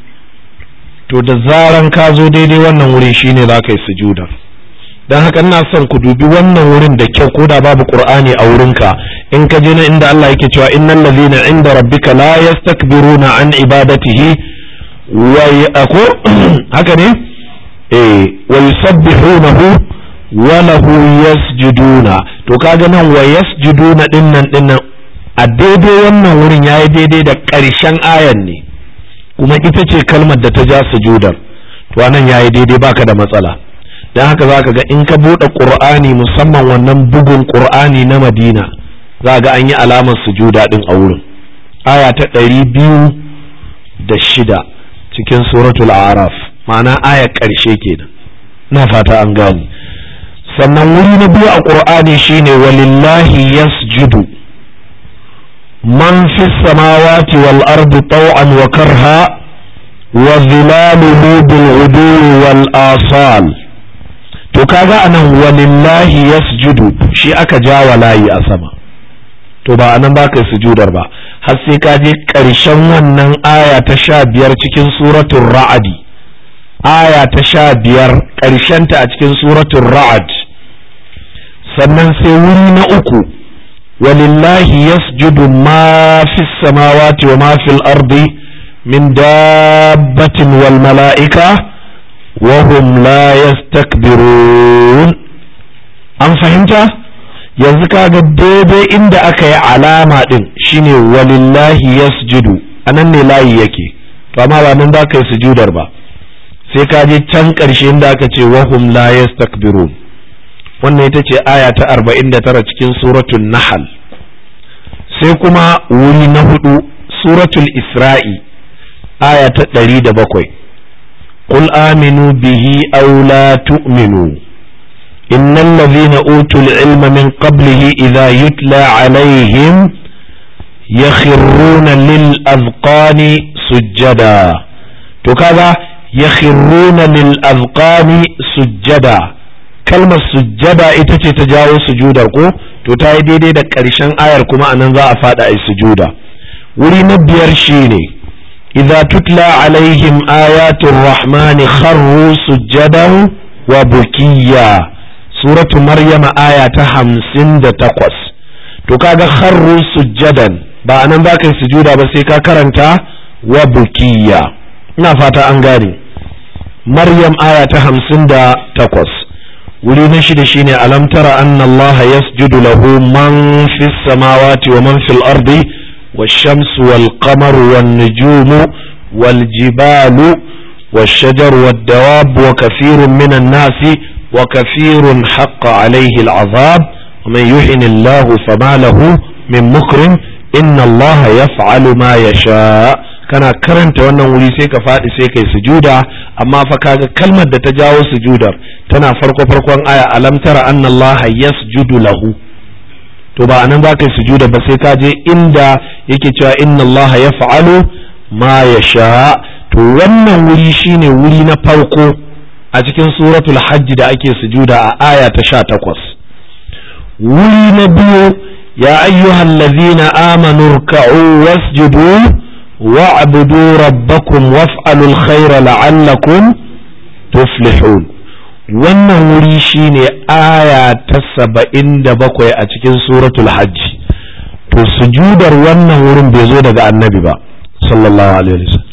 to da zaran ka zo daidai wannan wuri shine za ka yi sujuda don haka ina son ku dubi wannan wurin da kyau ko da babu ƙur'ani a wurinka in ka je na inda Allah yake cewa innal ladina inda rabbika la yastakbiruna an ibadatihi wa yaqu haka ne eh wa yusabbihunahu wa lahu yasjuduna to kaga nan wa yasjuduna dinnan dinnan a daidai wannan wurin yayi daidai da karshen ayan ne kuma ita ce kalmar da ta ja sujuda to anan yayi daidai baka da matsala dan haka zaka ga in ka bude qur'ani musamman wannan bugun qur'ani na Madina za ga an yi alamar sujuda din a wurin aya ta ɗari biyu da shida cikin suratul araf ma'ana aya ƙarshe kenan na fata an gani sannan wuri na biyu a ƙur'ani shine walillahi yasjudu man fi samawati wal ardi taw'an wa karha wa zilaluhu bil wal asal to kaga anan walillahi yasjudu shi aka jawa layi a sama to ba anan ba yi sujudar ba har sai ka je ƙarshen wannan aya ta sha biyar cikin suratun ra'adi aya ta sha biyar ƙarshenta a cikin suratun ra'ad sannan sai wuri na uku walillahi yasjudu ma fi samawati wa ma fil ardi min dabbatin wal mala'ika wa hum la yastakbirun an fahimta yanzu kaga daidai inda aka yi alama din shine walillahi yasjudu anan ne layi yake to amma ba nan za ka yi sujudar ba sai ka je can ƙarshe inda aka ce wahum la yastakbirun wannan ita ce aya ta 49 cikin suratul nahl sai kuma wuri na hudu suratul isra'i aya ta 107 qul aminu bihi aw la tu'minu إن الذين أوتوا العلم من قبله إذا يتلى عليهم يخرون للأذقان سجدا تكذا يخرون للأذقان سجدا كلمة سجدا إتتي تجاوز سجودا تتاي دي دي دكارشان آير كما أننظا أفاد أي سجودا ولنا بيرشيني إذا تتلى عليهم آيات الرحمن خروا سجدا وبكيا suratu maryama aya ta hamsin da takwas to kaga kharru sujjadan ba anan za ka yi sujuda ba sai ka karanta wa bukiya ina fata an gane maryam aya ta hamsin da takwas wuri na shida shine ne tara anna allaha yasjudu lahu man fis samawati wa man fil ardi والشمس والقمر والنجوم والجبال والشجر والدواب وكثير من الناس وكثير حق عليه العذاب ومن يحن الله فما له من مكرم إن الله يفعل ما يشاء kana karanta wannan wuri sai ka faɗi sai kai sujuda amma fa kaga kalmar da ta jawo sujudar tana farko farkon aya alam tara anna Allah yasjudu lahu to ba anan ba kai sujuda ba sai ka je inda yake cewa inna Allah yaf'alu ma yasha to wannan wuri shine wuri na farko a cikin suratul hajji da ake sujuda a aya ta sha takwas wuri na biyu ya ayyuhan lazina amanu ruka'u wasjudu wa'budu rabbakum waf'alul khaira la'allakum tuflihun wannan wuri shine aya ta saba'in da bakwai a cikin suratul hajji to sujudar wannan wurin bai zo daga annabi ba sallallahu alaihi wasallam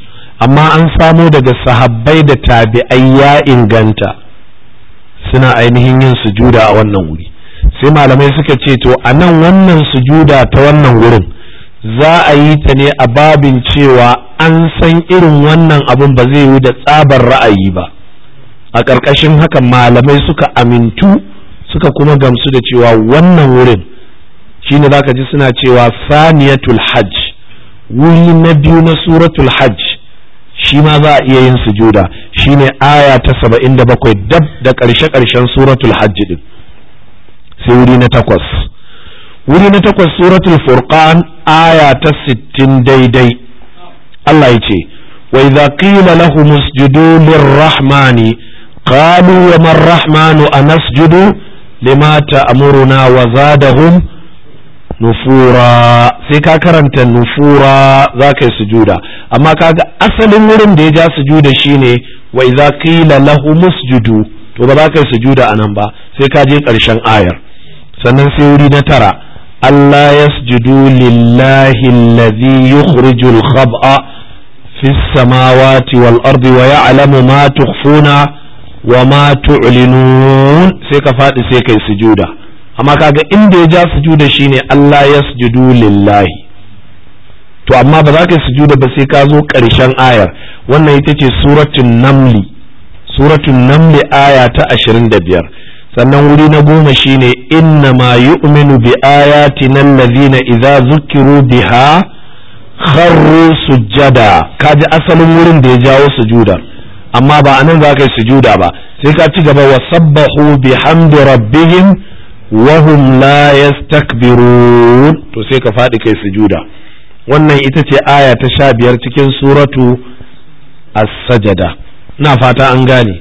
amma an samo daga sahabbai da tabi'ai ya inganta suna ainihin yin sujuda a wannan wuri sai malamai suka ce to a nan wannan sujuda ta wannan wurin za a yi ta ne a babin cewa an san irin wannan abin ba zai yi da tsabar ra'ayi ba a ƙarƙashin haka malamai suka amintu suka kuma gamsu da cewa wannan wurin shi shine zaka ji suna cewa saniyatul hajj wuri na biyu na suratul hajj shi ma za a iya yin sujuda shine aya ta saba'in da bakwai dab da ƙarshe ƙarshen suratul hajji din sai wuri na takwas wuri na takwas suratul furqan aya ta sittin daidai Allah ya ce wa idza qila lahum usjudu lirrahmani qalu wa man rahmanu anasjudu lima ta'muruna wa zadahum nufura sai ka karanta nufura za ka yi sujuda amma kaga asalin wurin da ya ja sujuda shine wa idza qila lahu musjudu to ba za ka yi sujuda anan ba sai ka je ƙarshen ayar sannan sai wuri na tara Allah yasjudu lillahi alladhi yukhrijul khab'a fis samawati wal ardi wa ya'lamu ma tukhfuna wa ma tu'linun sai ka faɗi sai kai sujuda amma kaga inda ya ja sujuda shine Allah ya sujudu lillahi to amma ba za ka sujuda ba sai ka zo karshen ayar wannan ita ce suratul namli suratun namli aya ta ashirin da biyar sannan wuri na goma shine inna ma yu'minu bi ayatina allazina idza zukiru biha kharru sujada kaji asalin wurin da ya jawo sujuda amma ba anan za ka yi sujuda ba sai ka ci gaba wa sabbahu bihamdi rabbihim wahum la yastakbirun to sai ka faɗi kai sujuda wannan ita ce aya ta sha biyar cikin suratu as-sajada na fata an gane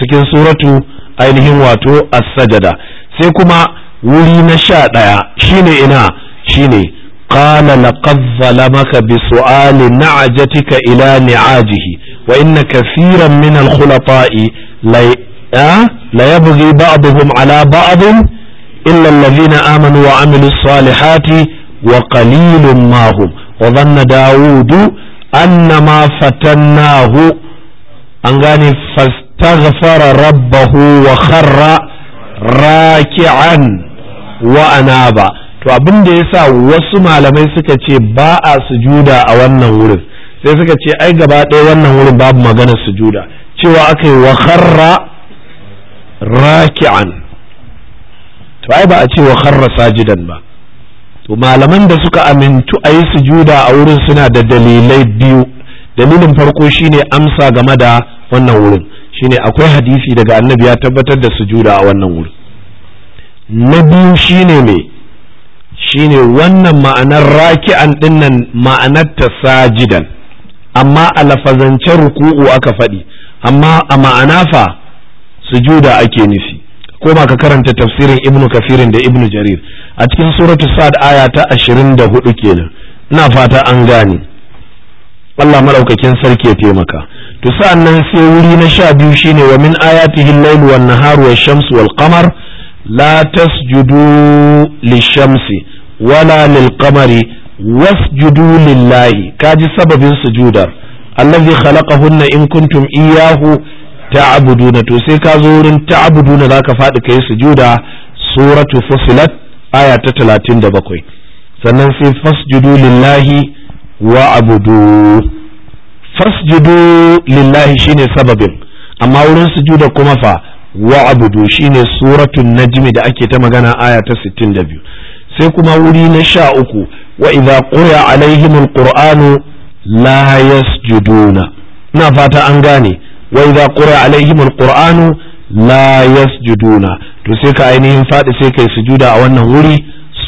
cikin suratu ainihin wato as-sajada sai kuma wuri na sha ɗaya shine ina shine qala laqad zalamaka bi su'ali na'jatika ila ni'ajihi wa inna kaseeran min al-khulata'i la ah? la yabghi ba'dhum ala ba'dhin إلا الذين آمنوا وعملوا الصالحات وقليل ما هم وظن داود أن ما فتناه أنغاني فاستغفر ربه وخر راكعا وأنابا to abin da yasa wasu malamai suka ce ba a sujuda a wannan wurin sai suka ce ai gaba ɗaya wannan wurin babu magana sujuda cewa aka yi wa kharra raki'an to ai ba a ce wa kharra sajidan ba to malaman da suka amintu a yi sujuda a wurin suna da dalilai biyu dalilin farko shine amsa game da wannan wurin shine akwai hadisi daga annabi ya tabbatar da sujuda a wannan wurin na biyu shine me shine wannan ma'anar raki'an dinnan ma'anar ta sajidan amma a lafazance ruku'u aka faɗi amma a ma'ana fa sujuda ake nufi koma ka karanta tafsirin ibnu kafirin da ibnu jarir a cikin suratu sa'ad aya ta 24 kenan ina fata an gane Allah madaukakin sarki ya taimaka to sa'an nan sai wuri na sha biyu shine wa min ayatihi al-layl wan nahar wash shamsu wal qamar la tasjudu lish-shamsi wala lil-qamari wasjudu lillahi kaji sababin sujudar allazi khalaqahunna in kuntum iyyahu ta'buduna to sai ka zo wurin ta'buduna zaka faɗi kai sujuda suratu fusilat aya ta 37 sannan sai fasjudu lillahi wa abudu fasjudu lillahi shine sababin amma wurin sujuda kuma fa wa abudu shine suratu najmi da ake ta magana aya ta 62 sai kuma wuri na sha uku wa idza quri'a alaihim alqur'anu la yasjuduna ina fata an gane wa idza qura alaihim alqur'anu la yasjuduna to sai ka ainihin fadi sai kai sujuda a wannan wuri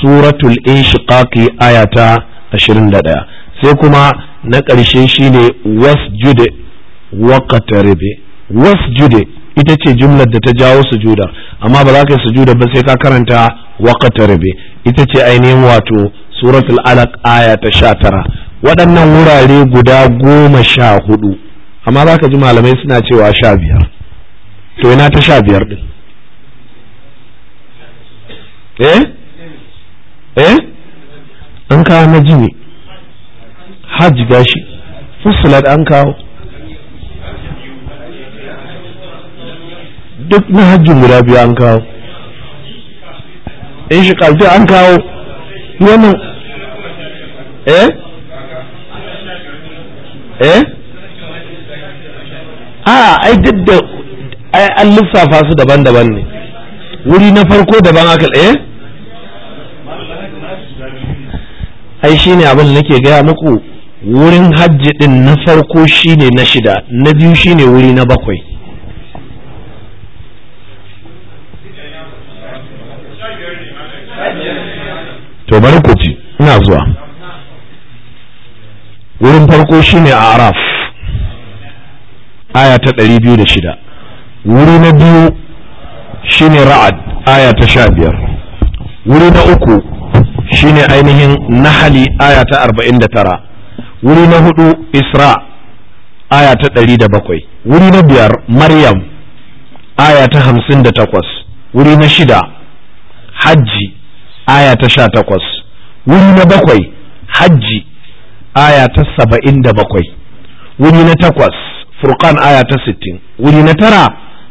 suratul inshiqaqi ayata 21 sai kuma na ƙarshe shine wasjud waqtarib wasjud ita ce jumlar da ta jawo sujuda amma ba za ka yi sujuda ba sai ka karanta waqtarib ita ce ainihin wato suratul alaq aya ta 19 waɗannan wurare guda goma sha hudu amma za ka ji malamai suna cewa sha biyar to ina ta sha biyar din eh eh an kawo na ne hajji gashi fusulat an kawo duk na hajji guda biyu an kawo in shi an kawo wannan eh eh a ai duk da ai an lissafa su daban-daban ne wuri na farko daban aka eh ai shine abin da nake gaya muku wurin hajji din na farko shine na shida na biyu shine wuri na bakwai to bari ku ina zuwa wurin farko shine araf aya ta ɗari biyu da shida wuri na biyu shine ra'ad aya ta sha biyar wuri na uku shine ainihin nahali aya ta arba'in da tara wuri na hudu isra aya ta ɗari da bakwai wuri na biyar maryam aya ta hamsin da takwas wuri na shida hajji aya ta sha takwas wuri na bakwai hajji aya ta saba'in da bakwai wuri na takwas furqan aya ta 60 wuri na tara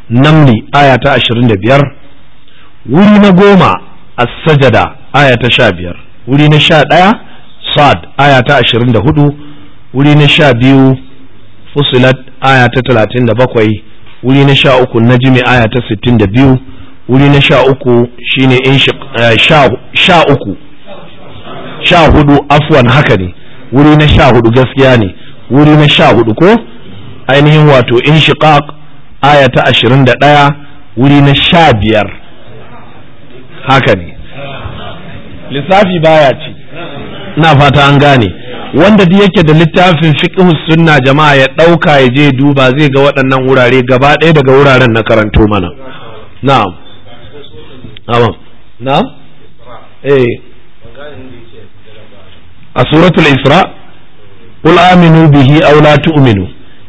namli aya ta 25 wuri na goma as-sajada aya ta 15 wuri na 11 sad aya ta 24 wuri na 12 fusilat aya ta 37 wuri na 13 najmi aya ta 62 wuri na 13 shine inshiq 13 eh, sha hudu afwan haka ne wuri na sha hudu gaskiya ne wuri na sha hudu ko ainihin wato in inshiqaq aya ta ɗaya wuri na 15 haka ne lissafi baya ce. na fata an gane wanda da yake da littafin fiqh sunna jama'a ya ɗauka ya je duba zai ga waɗannan wurare gaba ɗaya daga wuraren na karanto mana na'am na'am na'am eh a suratul isra qul aminu bihi aw la tu'minu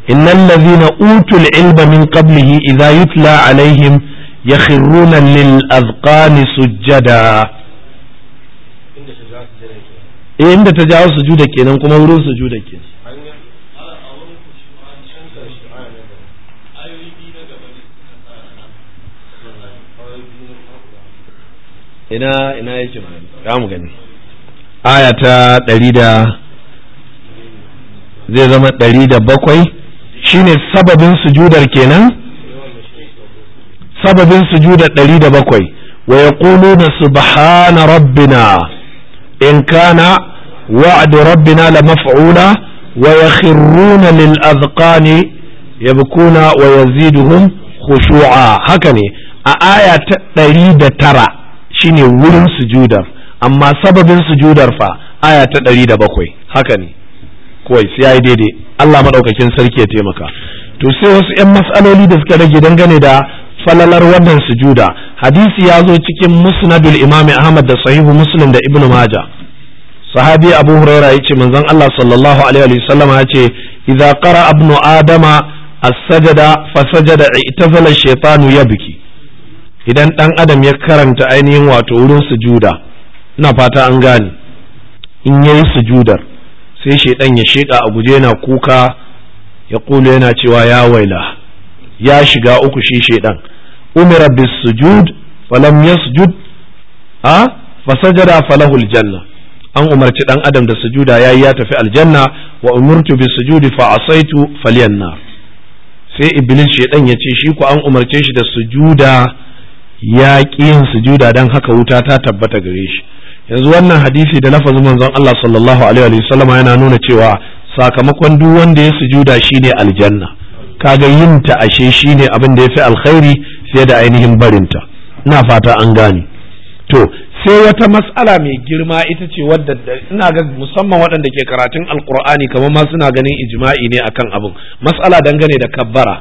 إن الذين utul العلم من qablihi إذا yutla alaihim يخرون للأذقان سجدا عند تجاوز inda ta jawo kenan kuma ina ina yake za mu gani aya ta ɗari da zai zama ɗari da bakwai Shin sababin sujudar kenan sababin sujudar ɗari da bakwai wa yaquluna subhana rabbina in kana wa'du rabbina la maf'ula wa yakhruna lil azqani yabkuna wa yaziduhum khushu'a haka ne a aya ta ɗari da tara shine wurin sujudar amma sababin sujudar fa aya ta ɗari da bakwai haka ne kawai sai yayi daidai Allah madaukakin sarki ya taimaka to sai wasu yan mas'aloli da suka rage dangane da falalar wannan sujuda hadisi ya zo cikin musnadul imam ahmad da sahihu muslim da ibnu maja sahabi abu huraira yace manzon Allah sallallahu alaihi wa sallam ya ce idza qara ibnu adama as-sajada fa sajada i'tazala shaytanu yabki idan dan adam ya karanta ainihin wato wurin sujuda ina fata an gane in yayi sujudar sai shaidan ya sheka a guje yana kuka ya kulu yana cewa ya waila ya shiga uku shi shaidan umira bis sujud falam yasjud a fasajada falahul janna an umarci dan adam da sujuda yayi ya tafi aljanna wa umirtu bis sujudi fa asaitu falyanna sai iblis shaidan ya ce shi ku an umarce shi da sujuda ya yin sujuda dan haka wuta ta tabbata gare shi yanzu wannan hadisi da lafazin manzon Allah sallallahu alaihi wa sallama yana nuna cewa sakamakon duk wanda ya sujuda shine aljanna kaga yin ta ashe shine abin da ya fi alkhairi fiye da ainihin barinta ina fata an gane to sai wata mas'ala mai girma ita ce wadda ina ga musamman waɗanda ke karatun alkur'ani kamar ma suna ganin ijma'i ne akan abin mas'ala dangane da kabbara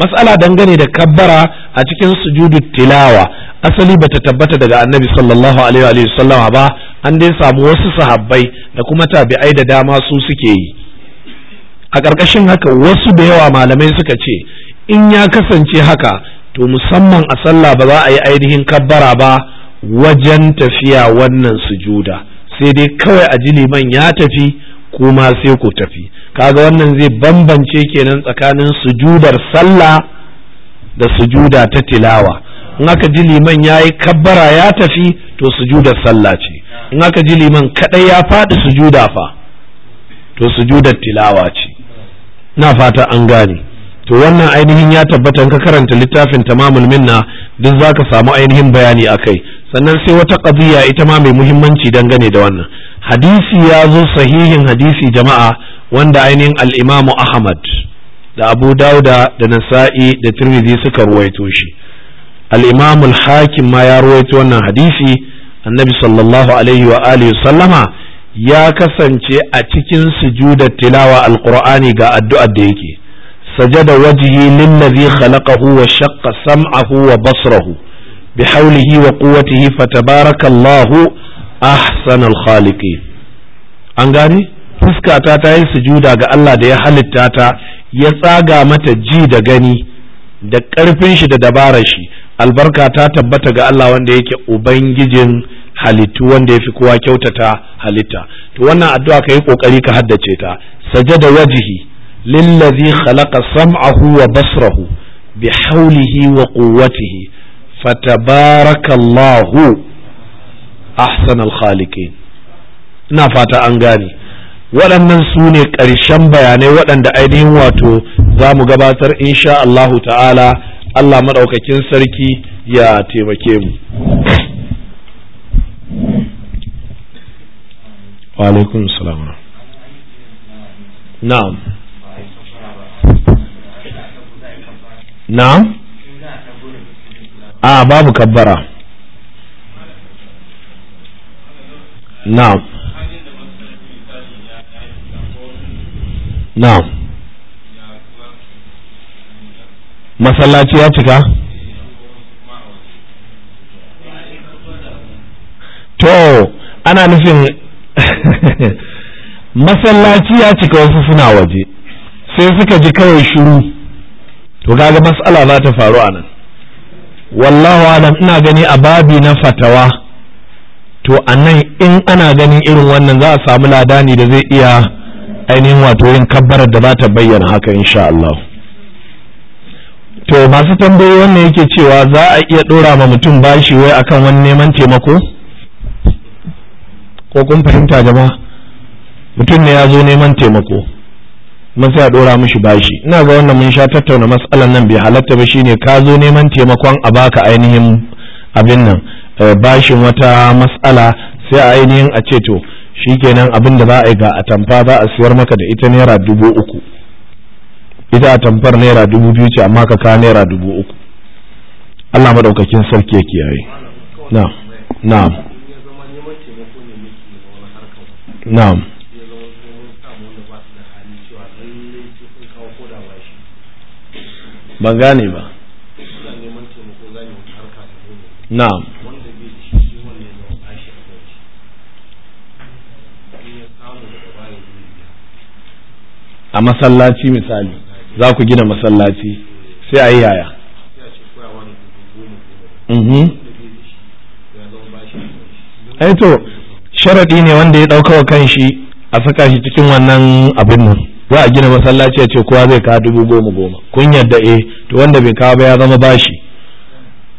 matsala dangane da kabbara a cikin sujudu tilawa asali bata tabbata daga annabi sallallahu alaihi wa sallama ba an dai samu wasu sahabbai da kuma tabi'ai da dama su suke yi a ƙarƙashin haka wasu da yawa malamai suka ce in ya kasance haka to musamman a sallah ba za a yi ainihin kabbara ba wajen tafiya wannan sujuda sai dai kawai a ji liman ya tafi kuma sai ku tafi kaga wannan zai bambance kenan tsakanin sujudar sallah da sujuda ta tilawa in aka ji liman yayi kabbara ya tafi to sujudar sallah ce in aka ji liman kadai ya faɗi sujuda fa to sujudar tilawa ce na fata an gane to wannan ainihin ya tabbata ka karanta littafin tamamul minna duk zaka samu ainihin bayani akai sannan sai wata qadiya ita ma mai muhimmanci dangane da wannan hadisi ya zo sahihin hadisi jama'a wanda ainihin al'imamu ahmad da abu dauda da nasa'i da tirmidhi suka ruwaito shi al'imamul hakim ma ya ruwaito wannan hadisi annabi sallallahu alaihi wa alihi sallama ya kasance a cikin sujudar tilawa alƙur'ani ga addu'ar da yake sajada wajihi lillazi khalaqahu wa shaqqa sam'ahu wa basrahu بحوله وقوته فتبارك الله al khaliki. an gani? fuskata ta yi sujuda ga Allah da ya halitta ta ya tsaga mata ji da gani da ƙarfin shi da dabarar shi albarka ta tabbata ga Allah wanda yake ubangijin halittu wanda ya fi kowa kyautata halitta to wannan addu'a ka yi ƙoƙari ka haddace ta sajada wajihi lillazi khalaqa sam'ahu wa basrahu bi haulihi wa quwwatihi fatabarakallahu ahsanal khaliqin ina fata an gane waɗannan su ne ƙarshen bayanai waɗanda ainihin wato za mu gabatar insha Allahu ta'ala Allah maɗaukakin sarki ya taimake mu alaikum salam na'am na'am a babu kabbara na'am na'am masallaci ya cika to ana nufin masallaci ya cika wasu suna waje sai suka ji kawai shiru to kaga mas'ala za ta faru a nan wallahu alam ina gani a babi na fatawa to anan in ana ganin irin wannan za a samu ladani da zai iya ainihin wato yin kabbarar da za ta bayyana haka insha Allah to masu tambayoyi wannan yake cewa za a iya dora ma mutum bashi wai akan wani neman taimako ko kun fahimta jama'a mutum ne ya zo neman taimako mun sai a dora mishi bashi ina ga wannan mun sha tattauna matsalan nan bai halatta ba shine ka zo neman taimakon a baka ainihin abin nan Eh, bashin wata matsala sai a ainihin a ce to shi kenan abin da za a yi ga atamfa za a siyar maka da ita naira dubu uku ita atamfar naira dubu biyu ce amma ka kawo naira dubu uku Allah maɗaukakin sarki ya kiyaye na'am na'am na'am ban gane ba na'am a masallaci misali za ku gina masallaci sai a yi yaya mhm. eh to sharaɗi ne wanda ya ɗauka wa kanshi a saka shi cikin wannan abin nan za a gina masallaci ya ce kowa zai kawo dubu goma goma kun yadda eh to wanda bai kawo ba ya zama bashi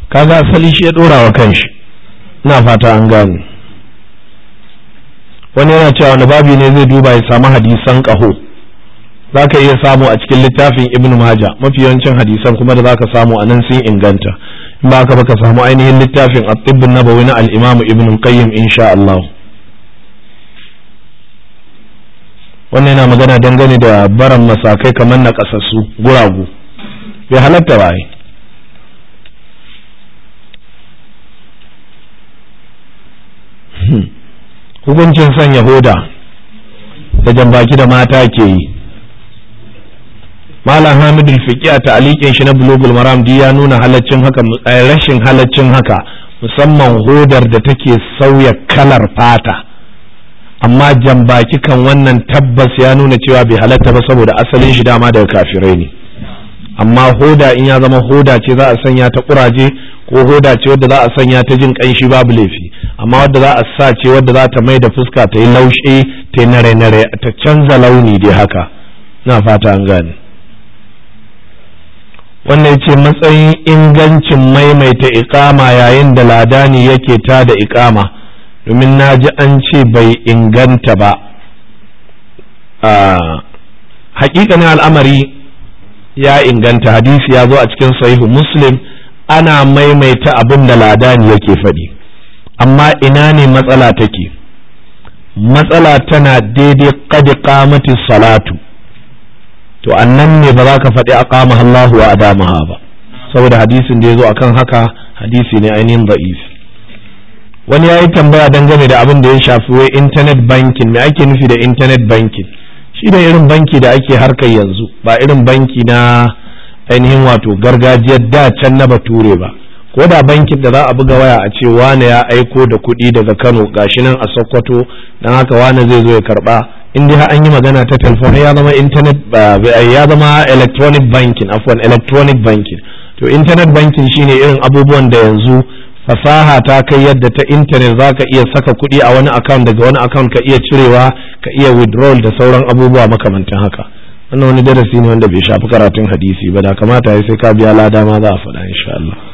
kaga asali shi ya ɗora wa kanshi ina fata an gano. wani yana cewa wani babi ne zai duba ya samu hadisan ƙaho za ka iya samu a cikin littafin ibn maja mafi yawancin hadisan kuma da za ka samu a nan sun inganta in ba ka baka samu ainihin littafin at-tibbun nabawi na Al'imamu imam ibn qayyim insha Allah wannan yana magana dangane da baran masakai kamar na kasassu guragu bai halatta ba hmm. hukuncin sanya hoda da baki da mata ke yi malam hamid alfiqi a ta'alikin shi na Global maram duk ya nuna halaccin haka eh, rashin halaccin haka musamman hodar da take sauya kalar fata amma jambaki kan wannan tabbas ya nuna cewa bai halatta ba saboda asalin shi dama daga kafirai ne amma hoda in ya zama hoda ce za a sanya ta kuraje ko hoda ce wadda za a sanya ta jin kanshi babu laifi amma wadda za a sa ce wadda za ta mai da fuska ta yi laushe ta yi nare-nare ta canza launi dai haka na fata an gane wannan yace matsayin ingancin maimaita iqama yayin da ladani yake ta da iqama domin naji an ce bai inganta ba hakikanin al'amari ya inganta hadisi ya zo a cikin sahihu muslim ana maimaita abin da ladani yake faɗi amma ina ne matsala take matsala tana daidai qad qamati salatu to annan ne ba za ka faɗi a aqama Allah wa damaha ba saboda hadisin da ya zo a kan haka hadisi ne ainihin da'if wani ya yi tambaya dangane da abin da ya shafi wai intanet bankin? me ake nufi da intanet bankin? shi da irin banki da ake harkar yanzu ba irin banki na ainihin wato gargajiyar da can na bature ba ko da bankin da za a buga waya a ce wane ya aiko da kuɗi daga Kano gashi nan a Sokoto dan haka wane zai zo ya karba in dai an yi magana ta telefon ya zama internet ya zama electronic banking afwan electronic banking to internet banking shine irin abubuwan da yanzu fasaha ta kai yadda ta intanet zaka iya saka kuɗi a wani account daga wani account ka iya cirewa ka iya withdrawal da sauran abubuwa makamantan haka wannan wani darasi ne wanda bai shafi karatun hadisi ba da kamata ya sai ka biya lada ma za a faɗa insha Allah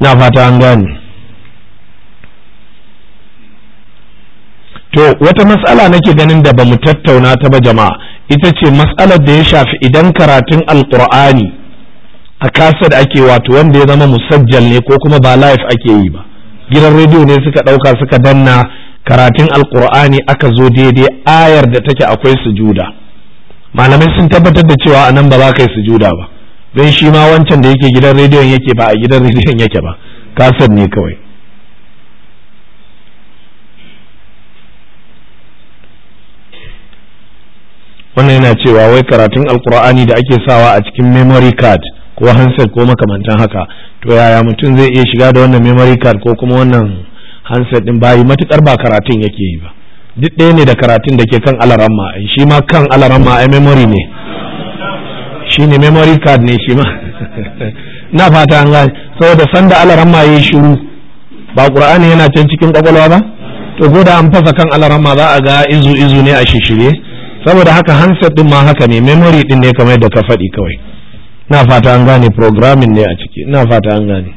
na fata an gane to wata matsala nake ganin da bamu tattauna ta ba jama'a ita ce matsalar da ya shafi idan karatun alkur'ani a kasar ake wato wanda ya zama musajjal ne ko kuma ba live ake yi ba gidan rediyo ne suka ɗauka suka danna karatun alkur'ani aka zo daidai ayar da take akwai sujuda malamai sun tabbatar da cewa a nan ba za ka yi sujuda ba don shi ma wancan da yake gidan rediyon yake ba a gidan rediyon yake ba kasar ne kawai wannan yana cewa wai karatun alkur'ani da ake sawa a cikin memory card ko handset ko makamantan haka to yaya mutum zai iya shiga da wannan memory card ko kuma wannan handset din bayi matukar ba karatun yake yi ba duk ɗaya ne da karatun da ke kan alaramma shi ma kan alaramma a memory ne ne memory card ne shi ma na fata an gani saboda sanda ya yi shiru ba ƙura'ani yana can cikin kwakwalwa ba to ko da an fasa kan alaramma za a ga izu izu ne a shishire saboda haka handset din ma haka ne memory din ne kamar da ka faɗi kawai na fata an gane programming ne a ciki na fata an gane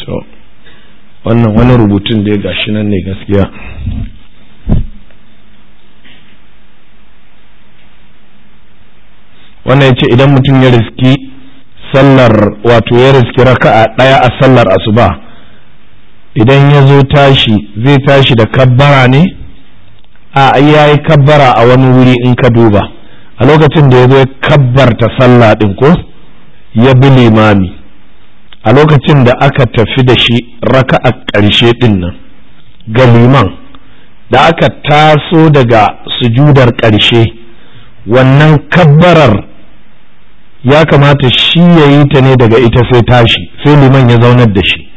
to wannan wani rubutun da ya gashi nan ne gaskiya wannan ya ce idan mutum ya riski sallar wato ya riski raka'a ɗaya a sallar asuba idan ya zo tashi zai tashi da kabbara ne a ya yi kabbara a wani wuri in ka duba a lokacin da ya zo ya kabbarta sallah ɗin ko ya bi limami a lokacin da aka tafi da shi raka a ƙarshe ɗin nan ga liman da aka taso daga sujudar ƙarshe wannan kabbarar ya kamata shi ya yi ta ne daga ita sai tashi sai liman ya zaunar da shi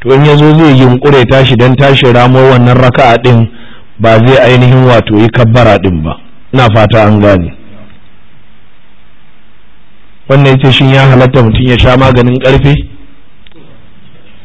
to in ya zo zai yunƙure tashi don tashi ramo wannan raka'a ɗin ba zai ainihin wato yi kabbara ɗin ba ina fata an gane wannan ita shin ya halatta mutum ya sha maganin ƙarfe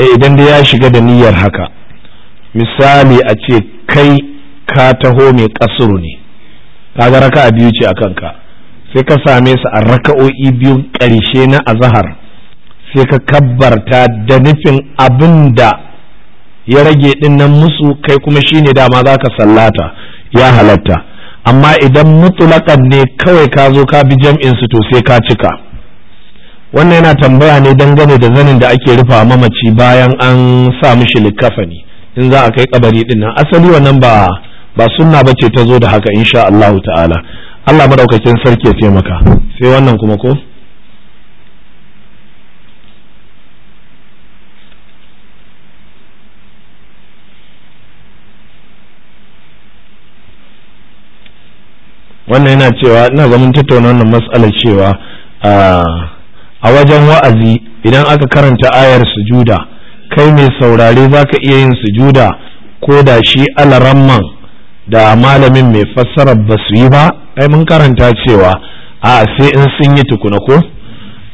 Eh, idan da ya shiga da niyyar haka misali a ce kai ka taho mai kasuru ne kaga a biyu ce a kanka sai ka same su a raka'o'i biyun ƙarshe na azahar sai ka kabbarta da nufin abin da ya rage dinnan musu kai kuma shine dama za ka sallata ya halatta amma idan mutulakan ne kawai ka zo ka bi jam'in su to sai ka cika wannan yana tambaya ne dangane da zanin da ake rufa mamaci bayan an sa mishi likkafani in za a kai kabari din nan asali wannan ba ba sunna ce ta zo da haka insha Allah ta'ala Allah madaukakin sarki ya taimaka sai wannan kuma ko wannan yana cewa ina zaman tattauna wannan matsalar cewa ah, a wajen wa'azi idan aka karanta ayar sujuda kai mai saurare za ka iya yin sujuda ko da shi alaramman da malamin mai fassara ba su yi ba ai mun karanta cewa a sai in sun yi tukuna ko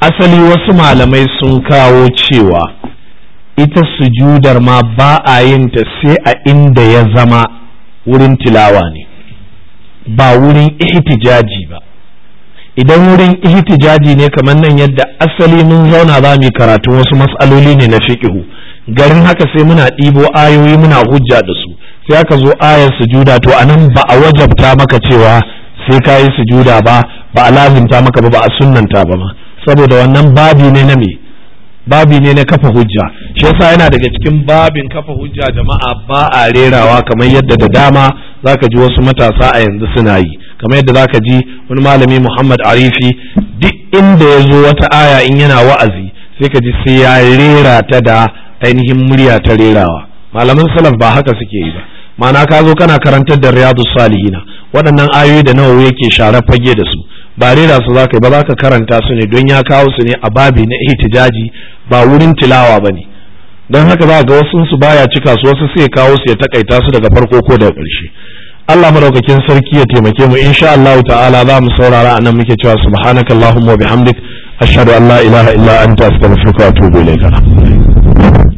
asali wasu malamai sun kawo cewa ita sujudar ma ba a yin ta sai a inda ya zama wurin tilawa ne ba wurin ihtijaji ba idan wurin ihtijaji ne kamar nan yadda asali mun zauna za mu yi karatun wasu matsaloli ne na fiqhu garin haka sai muna ɗibo ayoyi muna hujja da su sai aka zo ayar sujuda to anan ba a wajabta maka cewa sai ka yi sujuda ba ba a lazimta maka ba ba a sunnanta ba ma saboda wannan babi ne na me babi ne na kafa hujja shi yasa yana daga cikin babin kafa hujja jama'a ba a rerawa kamar yadda da dama zaka ji wasu matasa a yanzu suna yi kamar yadda zaka ji wani malami Muhammad Arifi duk inda ya zo wata aya in yana wa'azi sai ka ji sai ya rera ta da ainihin murya ta rerawa malaman salaf ba haka suke yi ba ma'ana ka zo kana karantar da riyadu salihina waɗannan ayoyi da nawa yake share fage da su ba rera su zaka yi ba zaka karanta su ne don ya kawo su ne a babi na ihtijaji ba wurin tilawa ne? don haka ba ga wasu su baya cika su wasu sai kawo su ya takaita su daga farko ko da ƙarshe Allah madaukakin sarki ya taimake mu in sha Allah ta'ala za mu saurara anan muke cewa subhanakallahumma wa bihamdik ashhadu an la ilaha illa anta astaghfiruka wa atubu ilayka